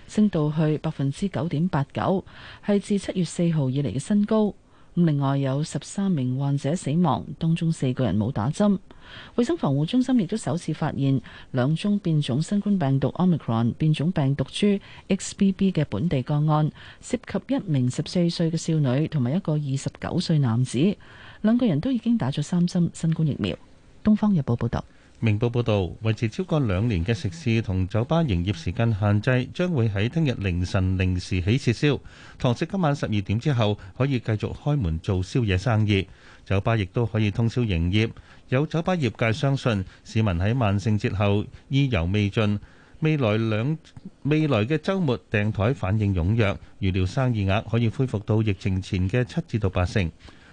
升到去百分之九點八九，係自七月四號以嚟嘅新高。另外有十三名患者死亡，當中四個人冇打針。衛生防護中心亦都首次發現兩宗變種新冠病毒 Omicron 變種病毒株 XBB 嘅本地個案，涉及一名十四歲嘅少女同埋一個二十九歲男子，兩個人都已經打咗三針新冠疫苗。東方日報報道。明報報導，維持超過兩年嘅食肆同酒吧營業時間限制將會喺聽日凌晨零時起撤銷。堂食今晚十二點之後可以繼續開門做宵夜生意，酒吧亦都可以通宵營業。有酒吧業界相信，市民喺萬聖節後意猶未盡，未來兩未來嘅週末訂台反應踴躍，預料生意額可以恢復到疫情前嘅七至到八成。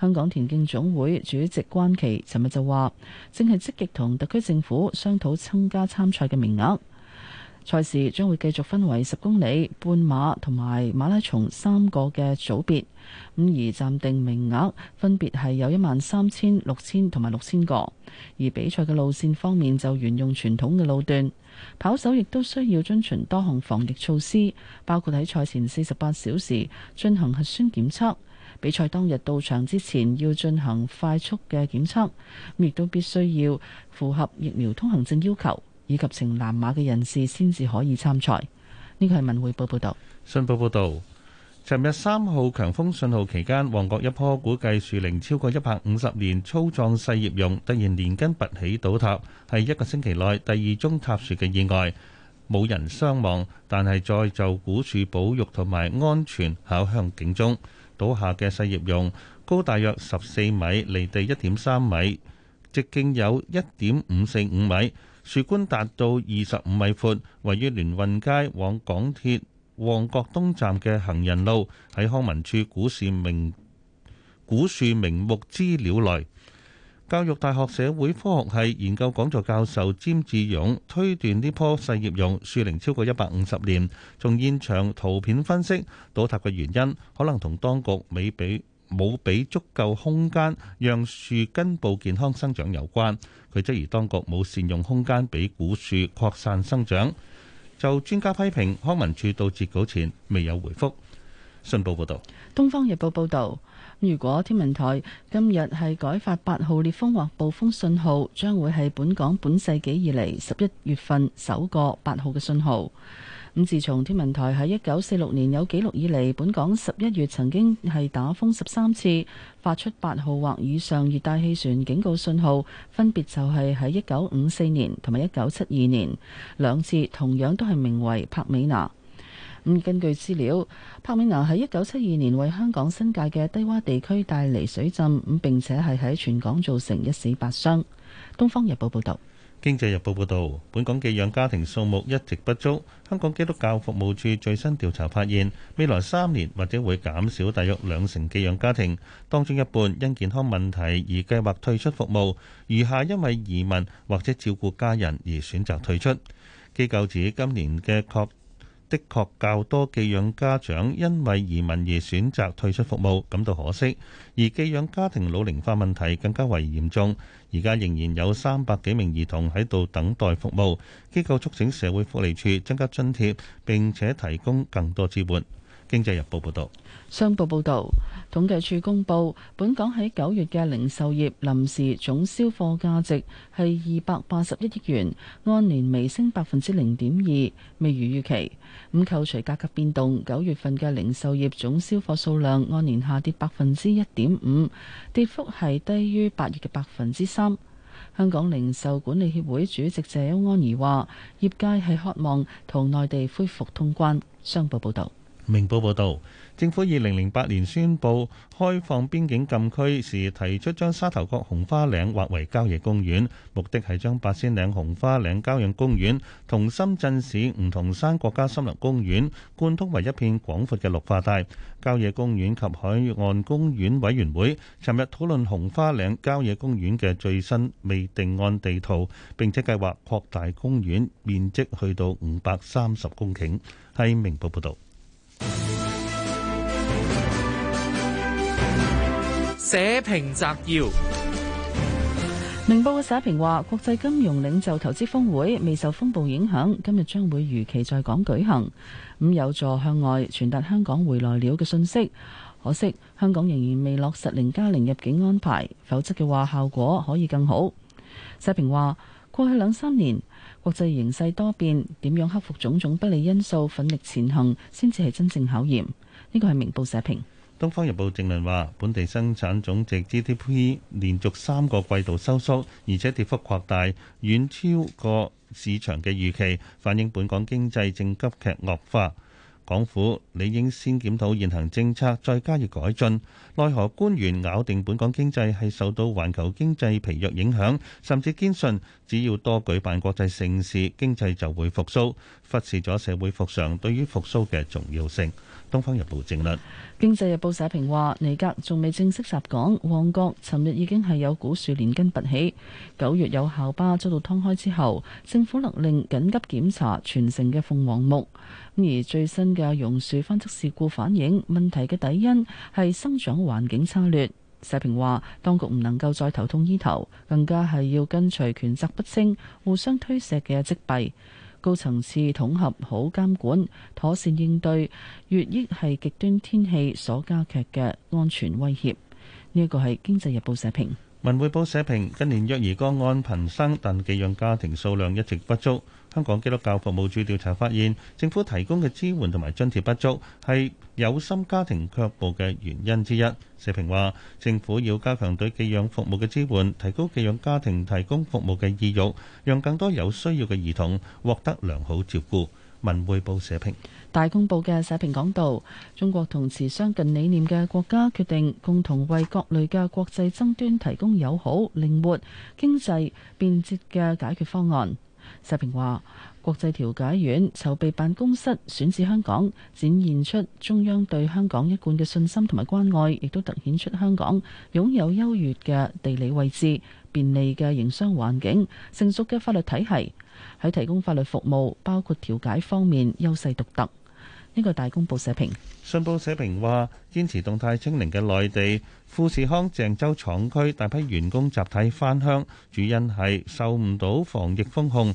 香港田徑總會主席關琪尋日就話，正係積極同特區政府商討增加參賽嘅名額。賽事將會繼續分為十公里、半馬同埋馬拉松三個嘅組別，咁而暫定名額分別係有一萬三千、六千同埋六千個。而比賽嘅路線方面就沿用傳統嘅路段，跑手亦都需要遵循多項防疫措施，包括喺賽前四十八小時進行核酸檢測。比賽當日到場之前要進行快速嘅檢測，亦都必須要符合疫苗通行證要求，以及呈藍碼嘅人士先至可以參賽。呢個係文匯報報導，信報報導，尋日三號強風信號期間，旺角一棵估計樹齡超過一百五十年粗壯細葉榕突然連根拔起倒塌，係一個星期內第二宗塌樹嘅意外，冇人傷亡，但係再就古樹保育同埋安全敲響警鐘。倒下嘅細葉榕，高大約十四米，離地一點三米，直徑有一點五四五米，樹冠達到二十五米闊。位於聯運街往港鐵旺角東站嘅行人路，喺康文署古樹名古樹名木資料內。教育大學社會科學系研究講座教授詹志勇推斷呢棵細葉榕樹齡超過一百五十年，從現場圖片分析倒塌嘅原因，可能同當局未俾冇俾足夠空間讓樹根部健康生長有關。佢質疑當局冇善用空間俾古樹擴散生長。就專家批評康文署到截稿前未有回覆。信報報道，東方日報報道。如果天文台今日係改發八號烈風或暴風信號，將會係本港本世紀以嚟，十一月份首個八號嘅信號。咁自從天文台喺一九四六年有記錄以嚟，本港十一月曾經係打風十三次，發出八號或以上熱帶氣旋警告信號，分別就係喺一九五四年同埋一九七二年兩次，同樣都係名為帕美娜。咁根據資料，柏美娜喺一九七二年為香港新界嘅低窪地區帶嚟水浸，咁並且係喺全港造成一死八傷。《東方日報》報導，《經濟日報》報導，本港寄養家庭數目一直不足。香港基督教服務處最新調查發現，未來三年或者會減少大約兩成寄養家庭，當中一半因健康問題而計劃退出服務，餘下因為移民或者照顧家人而選擇退出。機構指今年嘅確的確較多寄養家長因為移民而選擇退出服務，感到可惜。而寄養家庭老齡化問題更加為嚴重，而家仍然有三百幾名兒童喺度等待服務。機構促請社會福利署增加津貼，並且提供更多支援。經濟日報報道，商報報道。統計處公佈，本港喺九月嘅零售業臨時總銷貨價值係二百八十一億元，按年微升百分之零點二，未如預期。咁扣除價格變動，九月份嘅零售業總銷貨數量按年下跌百分之一點五，跌幅係低於八月嘅百分之三。香港零售管理協會主席謝安儀話，業界係渴望同內地恢復通關。商報報道，明報報道。政府二零零八年宣布開放邊境禁區時，提出將沙頭角紅花嶺劃為郊野公園，目的係將八仙嶺、紅花嶺郊野公園同深圳市梧桐山國家森林公園貫通為一片廣闊嘅綠化帶。郊野公園及海岸公園委員會尋日討論紅花嶺郊野公園嘅最新未定案地圖，並且計劃擴大公園面積去到五百三十公頃，係明報報道。社，社評摘要：明報嘅社評話，國際金融領袖投資峰會未受風暴影響，今日將會如期在港舉行，咁有助向外傳達香港回來了嘅信息。可惜香港仍然未落實零加零入境安排，否則嘅話效果可以更好。社評話，過去兩三年國際形勢多變，點樣克服種種不利因素，奮力前行，先至係真正考驗。呢、這個係明報社評。《東方日報》正論話：本地生產總值 GDP 連續三個季度收縮，而且跌幅擴大，遠超過市場嘅預期，反映本港經濟正急劇惡化。港府理應先檢討現行政策，再加以改進。奈何官員咬定本港經濟係受到環球經濟疲弱影響，甚至堅信只要多舉辦國際盛事，經濟就會復甦，忽視咗社會復常對於復甦嘅重要性。《東方日報》正論，《經濟日報》社評話：尼格仲未正式襲港，旺角尋日已經係有古樹連根拔起。九月有校巴遭到通開之後，政府勒令緊急檢查全城嘅鳳凰木。而最新嘅榕樹翻側事故反映問題嘅底因係生長環境差劣。社評話：當局唔能夠再頭痛醫頭，更加係要根除權責不清、互相推卸嘅積弊。高層次統合好監管，妥善應對，越益係極端天氣所加劇嘅安全威脅。呢一個係經濟日報社評。文匯報社評，近年虐兒個案頻生，但寄養家庭數量一直不足。香港基督教服務處調查發現，政府提供嘅支援同埋津貼不足，係有心家庭卻步嘅原因之一。社評話：政府要加強對寄養服務嘅支援，提高寄養家庭提供服務嘅意欲，讓更多有需要嘅兒童獲得良好照顧。文匯報社評。大公報嘅社評講道：中國同持相近理念嘅國家決定共同為各類嘅國際爭端提供友好、靈活、經濟、便捷嘅解決方案。社評話：國際調解院籌備辦公室選址香港，展現出中央對香港一貫嘅信心同埋關愛，亦都凸顯出香港擁有優越嘅地理位置、便利嘅營商環境、成熟嘅法律體系，喺提供法律服務，包括調解方面，優勢獨特。呢個大公報社評。信報社評話：堅持動態清零嘅內地富士康鄭州廠區大批員工集體返鄉，主因係受唔到防疫封控。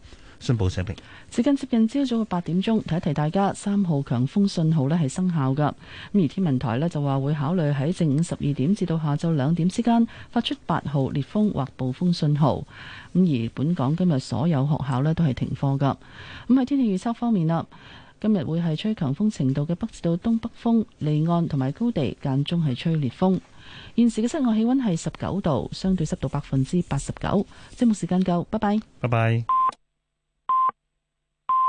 宣布捨命。時間接近接近，朝早嘅八點鐘提一提大家，三號強風信號呢係生效噶。咁而天文台呢就話會考慮喺正午十二點至到下晝兩點之間發出八號烈風或暴風信號。咁而本港今日所有學校呢都係停課噶。咁喺天氣預測方面啦，今日會係吹強風程度嘅北至到東北風，離岸同埋高地間中係吹烈風。現時嘅室外氣温係十九度，相對濕度百分之八十九。即係冇時間夠，拜拜。拜拜。